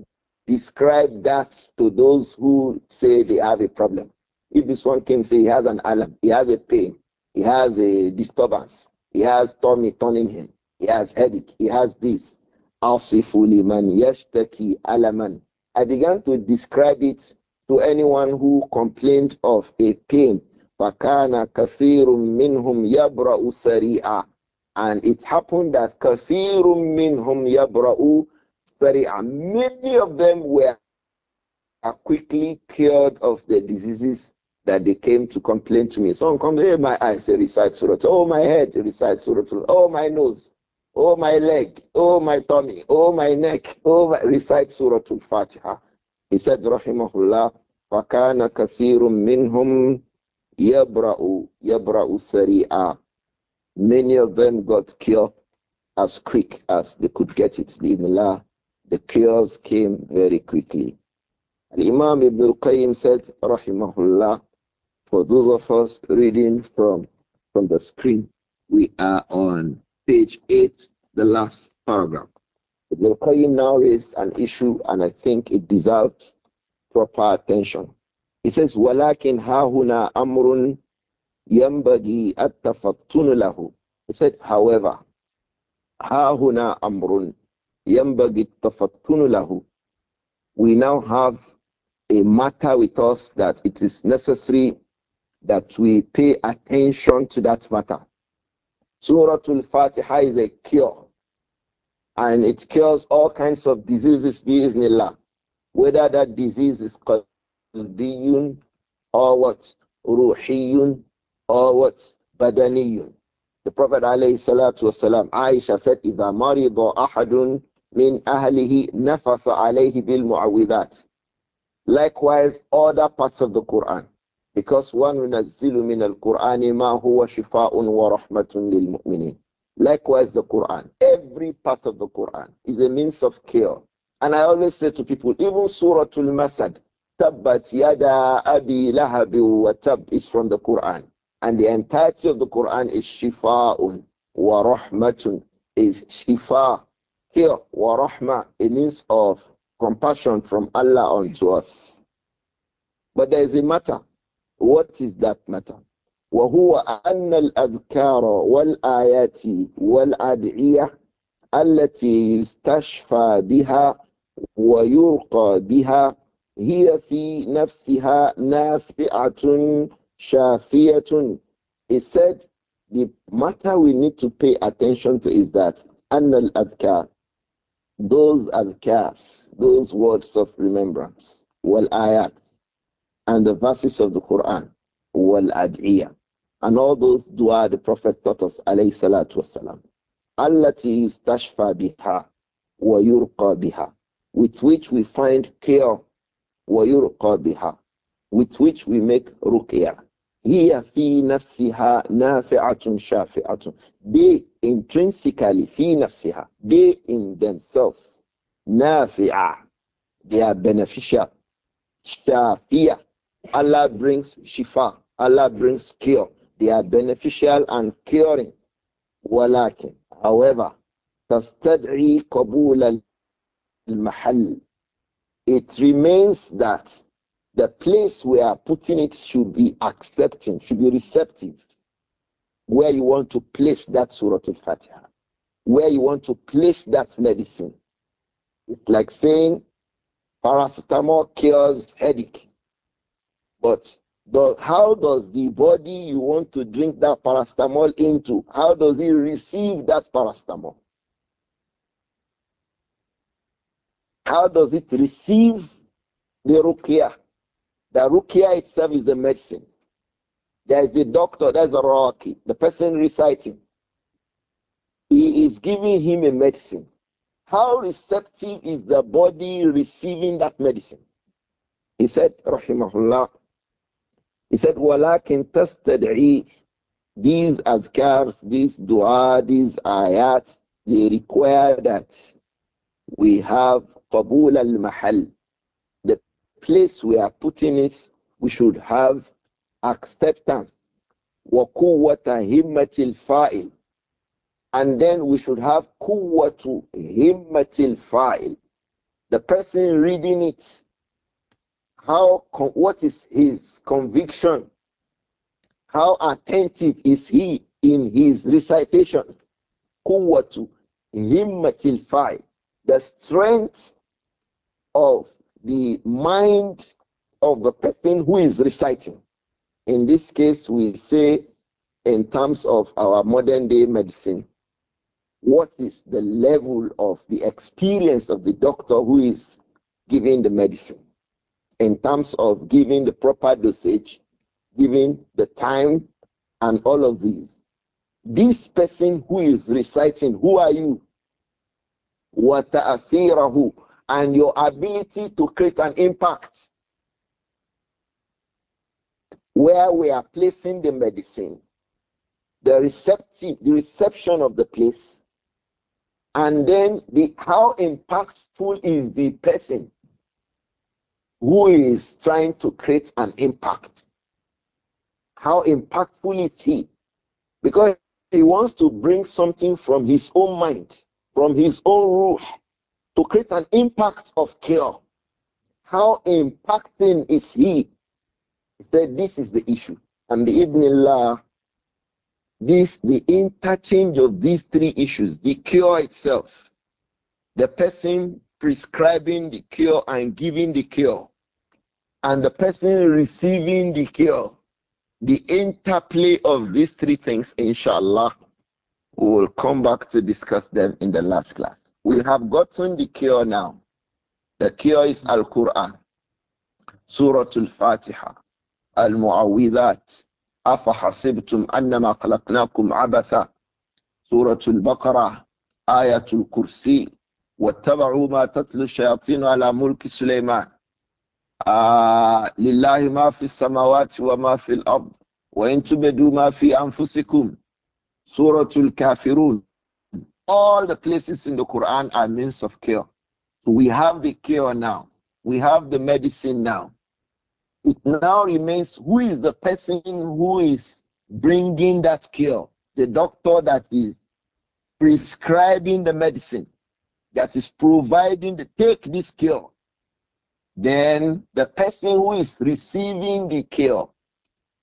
describe that to those who say they have a problem. If this one came, say he has an alarm, he has a pain, he has a disturbance, he has tummy turning him, he has headache, he has this. Asifu liman yashtaki alaman. I began to describe it to anyone who complained of a pain فَكَانَ كَثِيرٌ minhum يَبْرَأُ سَرِيعًا And it happened that كَثِيرٌ مِّنْهُمْ يَبْرَأُ سَرِيعًا Many of them were quickly cured of the diseases that they came to complain to me. Someone comes, hey, my eyes, recite surah. Oh, my head, recite surah. Oh, my nose. Oh, my leg. Oh, my tummy. Oh, my neck. Oh, my... recite surah al-Fatiha. He said, rahimahullah, فكان كَثِيرٌ مِّنْهُمْ Yabra'u, Yabra'u Sari'a. Many of them got cured as quick as they could get it. la, The cures came very quickly. Imam Ibn Qayyim said, Rahimahullah, for those of us reading from, from the screen, we are on page 8, the last paragraph. Ibn Qayyim now raised an issue, and I think it deserves proper attention. He says, Walakin hahuna amrun yambagi attafattunu lahu. He said, however, hahuna amrun yambagi attafattunu lahu. We now have a matter with us that it is necessary that we pay attention to that matter. Surah Al-Fatiha is a cure and it cures all kinds of diseases, biiznillah, whether that disease is qalbiyun or what? Ruhiyun or what? Badaniyun. The Prophet والسلام, Aisha said, إِذَا مَرِضَ أَحَدٌ مِنْ أَهْلِهِ نَفَثَ عَلَيْهِ بِالْمُعَوِذَاتِ Likewise, other parts of the Quran. Because one نُنَزِّلُ مِنَ الْقُرْآنِ مَا هُوَ شِفَاءٌ وَرَحْمَةٌ لِلْمُؤْمِنِينَ Likewise, the Quran. Every part of the Quran is a means of cure. And I always say to people, even Surah Al-Masad, Tabbat yada abi lahabi wa tab is from the Quran. And the entirety of the Quran is shifa'un wa rahmatun is shifa. Here, wa rahma, it means of compassion from Allah unto us. But there is a matter. What is that matter? وهو أن الأذكار والآيات والأدعية التي يستشفى بها ويرقى بها هي في نفسها نافعة شافية He said, the matter we need to pay attention to is that أن الأذكار those adhkars, those words of remembrance, wal and the verses of the Quran, wal and all those dua the Prophet taught us, alayhi salatu wasalam, allati yustashfa biha wa yurqa biha, with which we find cure ويرقى بها with which we make ruqya هي في نفسها نافعة شافعة they intrinsically في نفسها they in themselves نافعة they are beneficial شافية Allah brings shifa Allah brings cure they are beneficial and curing ولكن however تستدعي قبول المحل it remains that the place we are putting it should be accepting, should be receptive. Where you want to place that Surah Al Fatiha, where you want to place that medicine. It's like saying paracetamol cures headache. But the, how does the body you want to drink that paracetamol into, how does it receive that paracetamol? How does it receive the ruqya? The ruqya itself is the medicine. There is the doctor, that's the raqi, the person reciting. He is giving him a medicine. How receptive is the body receiving that medicine? He said, Rahimahullah, he said, Walakin tastad'i, these azkars, these dua, these ayat. they require that we have Qabul al Mahal. The place we are putting it, we should have acceptance. وَقُوَّةَ himmatil fa'il, And then we should have قُوَّةُ himmatil fa'il. The person reading it, how, what is his conviction? How attentive is he in his recitation? قُوَّةُ himmatil fa'il the strength of the mind of the person who is reciting. In this case, we say, in terms of our modern day medicine, what is the level of the experience of the doctor who is giving the medicine? In terms of giving the proper dosage, giving the time, and all of these. This person who is reciting, who are you? وَتَأْثِيرَهُ And your ability to create an impact. Where we are placing the medicine, the receptive, the reception of the place, and then the how impactful is the person who is trying to create an impact. How impactful is he? Because he wants to bring something from his own mind from his own ruh to create an impact of cure. How impacting is he? He said, This is the issue. And the Ibn Allah, this the interchange of these three issues, the cure itself, the person prescribing the cure and giving the cure, and the person receiving the cure, the interplay of these three things, inshallah, we will come back to discuss them in the last class. We have gotten the cure now. The cure is Al Quran, Surah Al Fatiha, Al Muawidat, Afa Hasibtum Annama Khalaknakum Abatha, Surah Al Baqarah, Ayat Al Kursi, واتبعوا ما تتلو الشياطين على ملك سليمان آه لله ما في السماوات وما في الأرض وإن تبدوا ما في Amfusikum. Suratul Kafirun. All the places in the Quran are means of cure. So we have the cure now. We have the medicine now. It now remains who is the person who is bringing that cure? The doctor that is prescribing the medicine, that is providing the take this cure. Then the person who is receiving the cure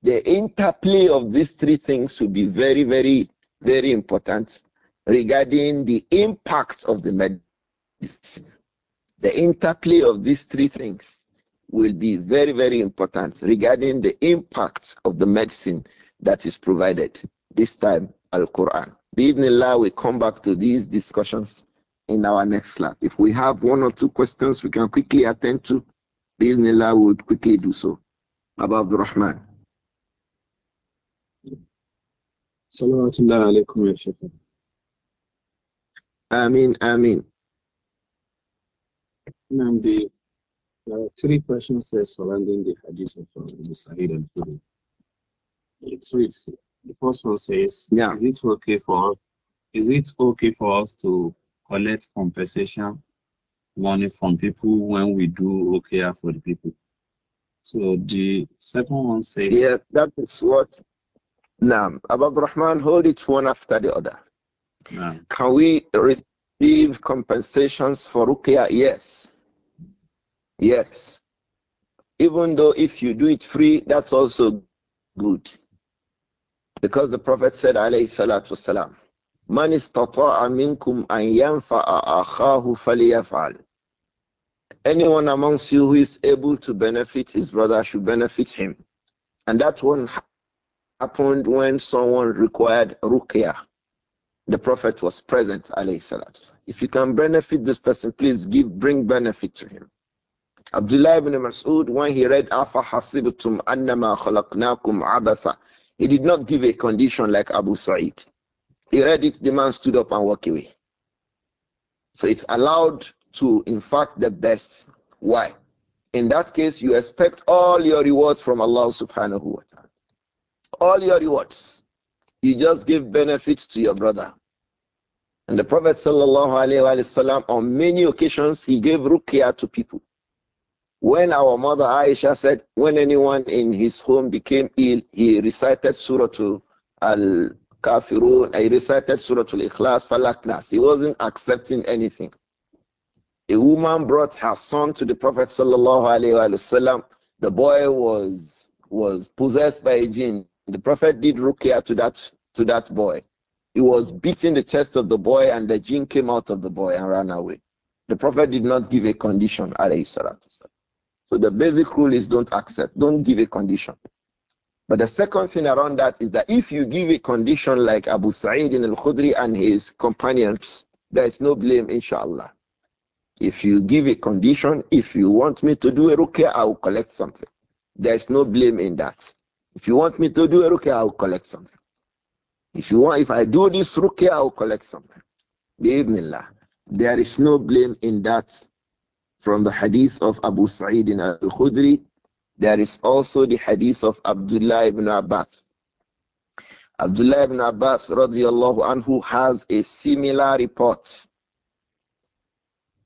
the interplay of these three things should be very, very very important, regarding the impact of the medicine. The interplay of these three things will be very, very important regarding the impact of the medicine that is provided. This time, Al Quran. Bismillah, we come back to these discussions in our next class. If we have one or two questions we can quickly attend to, Bismillah, we would quickly do so. Above the Rahman. صلوات الله عليكم يا شيخ آمين آمين Now there are three questions surrounding the hadith of uh, Abu Sa'id and It reads, the first one says, yeah. is it okay for is it okay for us to collect compensation money from people when we do okay for the people? So the second one says, yeah, that is what Naam. Abu Rahman, hold it one after the other. Can we receive compensations for Rukia? Yes. Yes. Even though if you do it free, that's also good. Because the Prophet said, alayhi salatu wasalam, Man istata'a minkum an yanfa'a akhahu faliyaf'al. Anyone amongst you who is able to benefit his brother should benefit him. And that one happened when someone required ruqya. The Prophet was present, If you can benefit this person, please give bring benefit to him. Abdullah ibn Mas'ud, when he read Afa Hasibutum Annama Khalaqnakum Abasa, he did not give a condition like Abu Sa'id. He read it, the man stood up and walked away. So it's allowed to, in fact, the best. Why? In that case, you expect all your rewards from Allah subhanahu wa ta'ala all your rewards. You just give benefits to your brother. And the Prophet وسلم, on many occasions he gave ruqya to people. When our mother Aisha said, when anyone in his home became ill, he recited Surah to Al Kafirun, he recited Surah to Ikhlas, Falaknas. He wasn't accepting anything. A woman brought her son to the Prophet. The boy was was possessed by a jinn. The Prophet did ruqya to that to that boy. He was beating the chest of the boy, and the jinn came out of the boy and ran away. The Prophet did not give a condition. So the basic rule is don't accept, don't give a condition. But the second thing around that is that if you give a condition like Abu Sa'id in Al Khudri and his companions, there is no blame, inshallah. If you give a condition, if you want me to do a ruqya, I will collect something. There is no blame in that. If you want me to do a okay, I'll collect something. If you want, if I do this okay, I'll collect something. Bismillah. There is no blame in that. From the hadith of Abu Sa'id in al Khudri, there is also the hadith of Abdullah ibn Abbas. Abdullah ibn Abbas radiallahu anhu has a similar report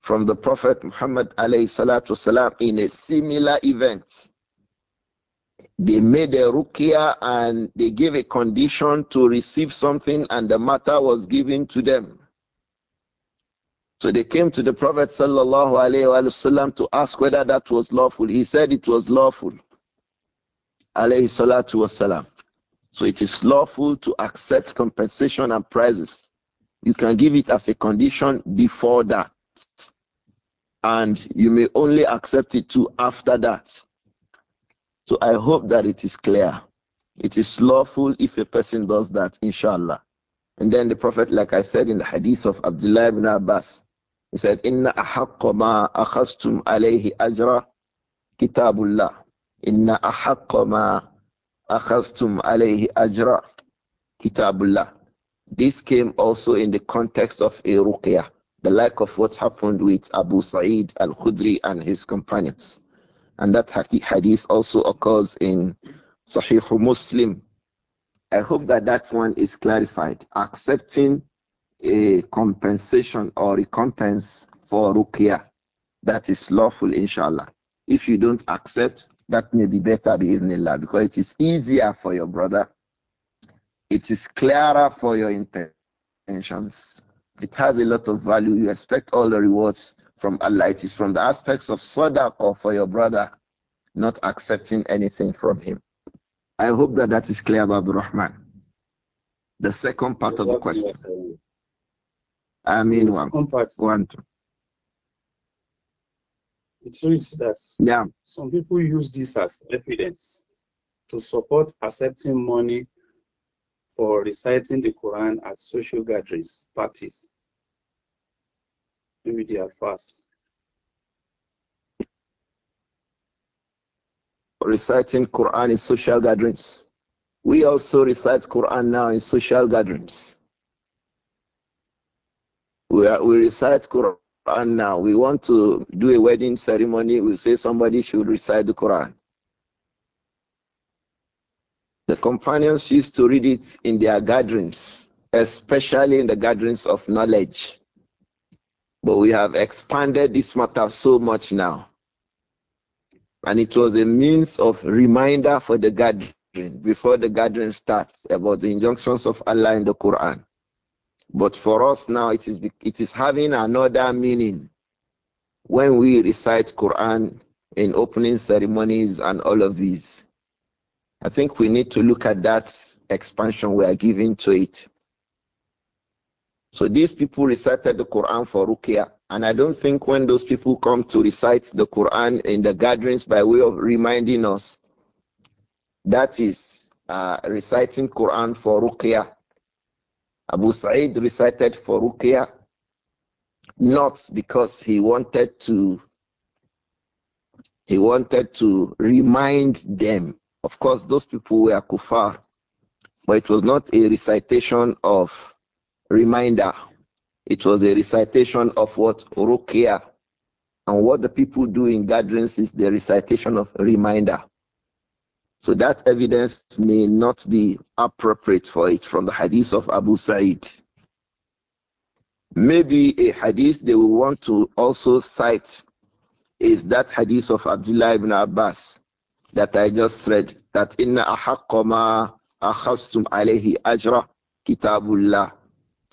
from the Prophet Muhammad alayhi salatu wasalam in a similar event. They made a ruqya and they gave a condition to receive something, and the matter was given to them. So they came to the Prophet وسلم, to ask whether that was lawful. He said it was lawful. So it is lawful to accept compensation and prizes. You can give it as a condition before that. And you may only accept it too after that. So I hope that it is clear. It is lawful if a person does that, inshallah. And then the Prophet, like I said in the hadith of Abdullah ibn Abbas, he said, Inna ahaqqa ma akhastum alayhi ajra kitabullah. Inna ahaqqa ma akhastum alayhi ajra kitabullah. This came also in the context of a the like of what happened with Abu Sa'id al-Khudri and his companions. And that hadith also occurs in Sahih Muslim. I hope that that one is clarified. Accepting a compensation or recompense for ruqya that is lawful, inshallah. If you don't accept, that may be better bi'idhnillah because it is easier for your brother. It is clearer for your intentions. It has a lot of value. You expect all the rewards from Allah. Uh, it is from the aspects of or for your brother, not accepting anything from him. I hope that that is clear, the Rahman. The second part of the question. I mean, one, one, two. It reads that yeah. some people use this as evidence to support accepting money for reciting the Quran at social gatherings, parties, do their fast. Reciting Quran in social gatherings. We also recite Quran now in social gatherings. We, are, we recite Quran now. We want to do a wedding ceremony. We say somebody should recite the Quran. The companions used to read it in their gatherings, especially in the gatherings of knowledge. But we have expanded this matter so much now. And it was a means of reminder for the gathering, before the gathering starts, about the injunctions of Allah in the Quran. But for us now, it is, it is having another meaning when we recite Quran in opening ceremonies and all of these. I think we need to look at that expansion we are giving to it. So these people recited the Quran for Rukia. And I don't think when those people come to recite the Quran in the gatherings by way of reminding us, that is uh, reciting Quran for Rukia. Abu Sa'id recited for Rukia not because he wanted to he wanted to remind them. Of course, those people were kuffar, but it was not a recitation of reminder. It was a recitation of what Rukia and what the people do in gatherings is the recitation of reminder. So that evidence may not be appropriate for it from the hadith of Abu Sa'id. Maybe a hadith they will want to also cite is that hadith of Abdullah ibn Abbas that I just read that inna ahaqqama akhastum alayhi ajra kitabullah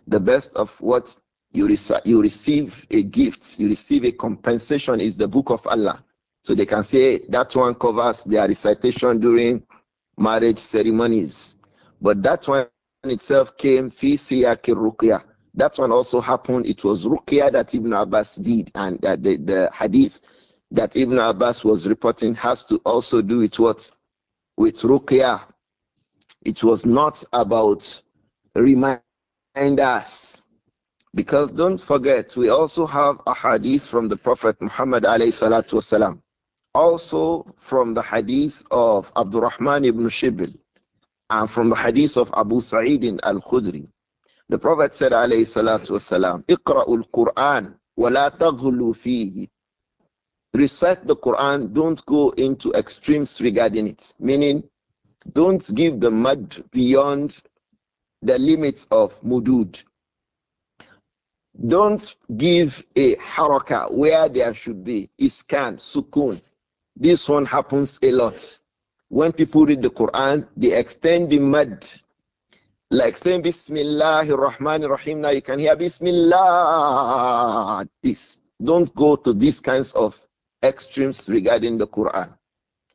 the best of what you, you receive a gift, you receive a compensation is the book of Allah. So they can say that one covers their recitation during marriage ceremonies. But that one itself came fi That one also happened. It was ruqya that Ibn Abbas did, and the, the hadith that Ibn Abbas was reporting has to also do with what? With ruqya. It was not about remind and us. Because don't forget, we also have a hadith from the Prophet Muhammad wasalam, also from the hadith of Abdurrahman ibn Shibl, and from the hadith of Abu Sa'id al-Khudri. The Prophet said, alayhi salatu wasalam, Iqra'ul Qur'an wa la taghlu fihi recite the Quran, don't go into extremes regarding it. Meaning, don't give the mud beyond the limits of mudud. Don't give a haraka where there should be iskan, sukun. This one happens a lot. When people read the Quran, they extend the mud. Like saying Bismillah Rahman Rahim. Now you can hear Bismillah. This. Don't go to these kinds of extremes regarding the Quran.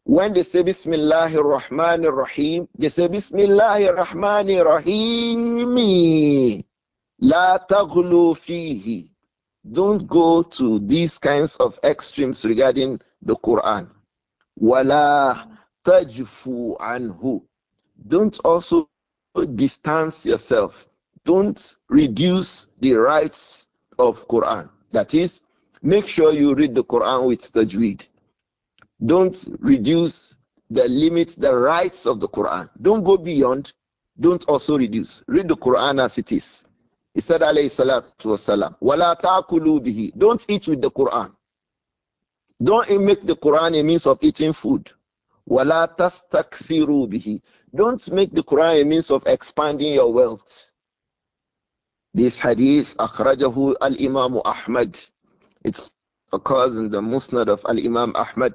When they say Bismillahir Rahmanir Rahim, they say Bismillahir Rahmanir Rahim. La taghlu fihi. Don't go to these kinds of extremes regarding the Quran. Wala tajfu anhu. Don't also distance yourself. Don't reduce the rights of Quran. That is, make sure you read the Quran with tajweed. Don't reduce the limits, the rights of the Quran. Don't go beyond. Don't also reduce. Read the Quran as it is. He said, alayhi salam." Don't eat with the Quran. Don't make the Quran a means of eating food. Don't make the Quran a means of expanding your wealth. This hadith, akhrajahu al-Imam Ahmad. It occurs in the Musnad of al-Imam Ahmad.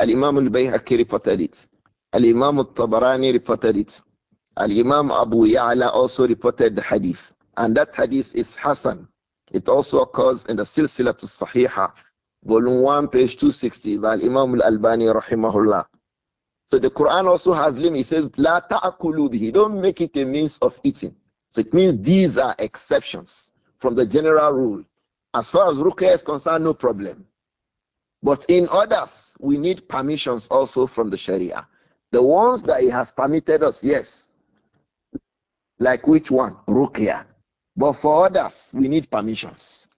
Al-Imam al-Bayhaqi reported it. Al-Imam al-Tabarani reported it. Al-Imam Abu Ya'la also reported the hadith. And that hadith is Hassan. It also occurs in the Silsila to volume 1, page 260, by Imam al-Albani rahimahullah. So the Quran also has limit. It says, La ta'akulu bihi. Don't make it a means of eating. So it means these are exceptions from the general rule. As far as ruqya is concerned, no problem. But in others, we need permissions also from the Sharia. The ones that He has permitted us, yes. Like which one? Rukia. But for others, we need permissions.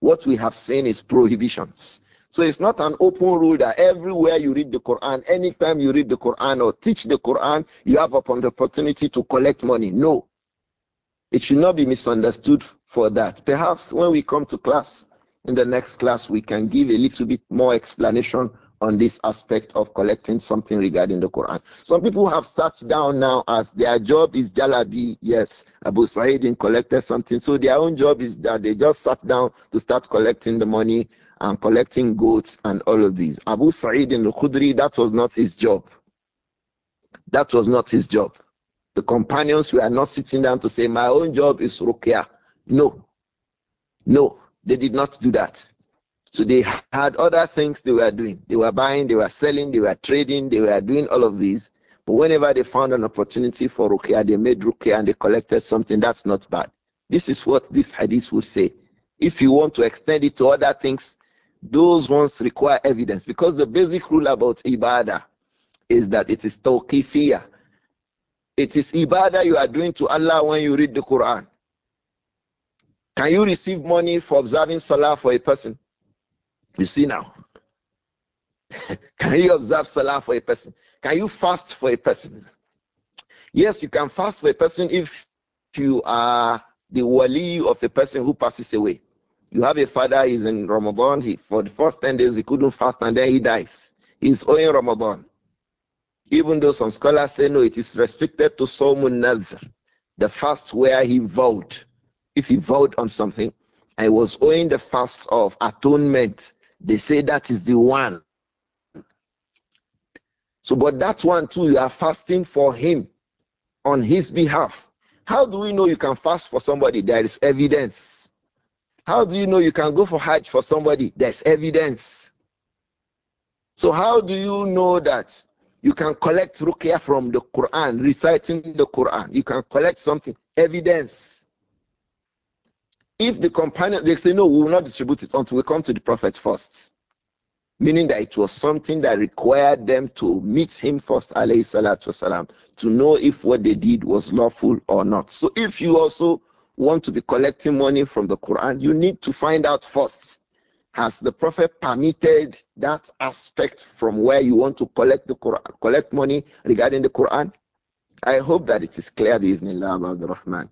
What we have seen is prohibitions. So it's not an open rule that everywhere you read the Quran, anytime you read the Quran or teach the Quran, you have upon the opportunity to collect money. No. It should not be misunderstood for that. Perhaps when we come to class, in the next class, we can give a little bit more explanation on this aspect of collecting something regarding the Quran. Some people have sat down now as their job is jalabi. Yes, Abu Sa'idin collected something. So their own job is that they just sat down to start collecting the money and collecting goats and all of these. Abu Sa'idin and khudri that was not his job. That was not his job. The companions were not sitting down to say, my own job is ruqya. No. No. They did not do that. So they had other things they were doing. They were buying, they were selling, they were trading, they were doing all of these. But whenever they found an opportunity for ruqyah, they made ruqyah and they collected something. That's not bad. This is what this hadith would say. If you want to extend it to other things, those ones require evidence because the basic rule about ibadah is that it is tawqifiyah. It is ibadah you are doing to Allah when you read the Quran. Can you receive money for observing Salah for a person? You see now. can you observe Salah for a person? Can you fast for a person? Yes, you can fast for a person if you are the wali of a person who passes away. You have a father, he's in Ramadan, he, for the first 10 days he couldn't fast and then he dies. He's owing Ramadan. Even though some scholars say no, it is restricted to Sawmun Nadhr, the fast where he vowed. If you vowed on something, I was owing the fast of atonement. They say that is the one. So, but that one too, you are fasting for him on his behalf. How do we know you can fast for somebody? There is evidence. How do you know you can go for Hajj for somebody? There's evidence. So, how do you know that you can collect ruqyah from the Quran, reciting the Quran? You can collect something, evidence. If the companion, they say, no, we will not distribute it until we come to the prophet first. Meaning that it was something that required them to meet him first, alayhi to know if what they did was lawful or not. So if you also want to be collecting money from the Quran, you need to find out first has the prophet permitted that aspect from where you want to collect the Quran, collect money regarding the Quran? I hope that it is clear, the Rahman.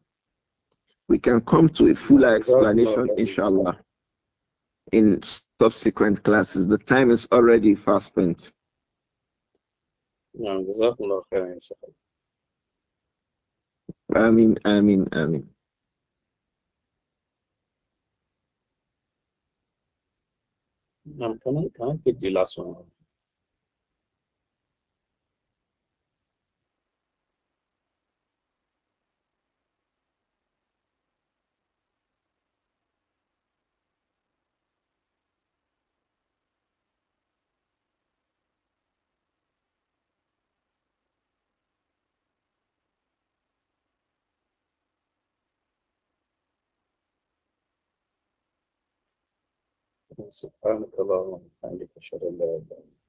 We can come to a fuller explanation, inshallah, in subsequent classes. The time is already fast spent. I mean, I mean, I mean. I'm coming. Can I take the last one? سبحانك اللهم وبحمدك اشهد ان لا اله الا انت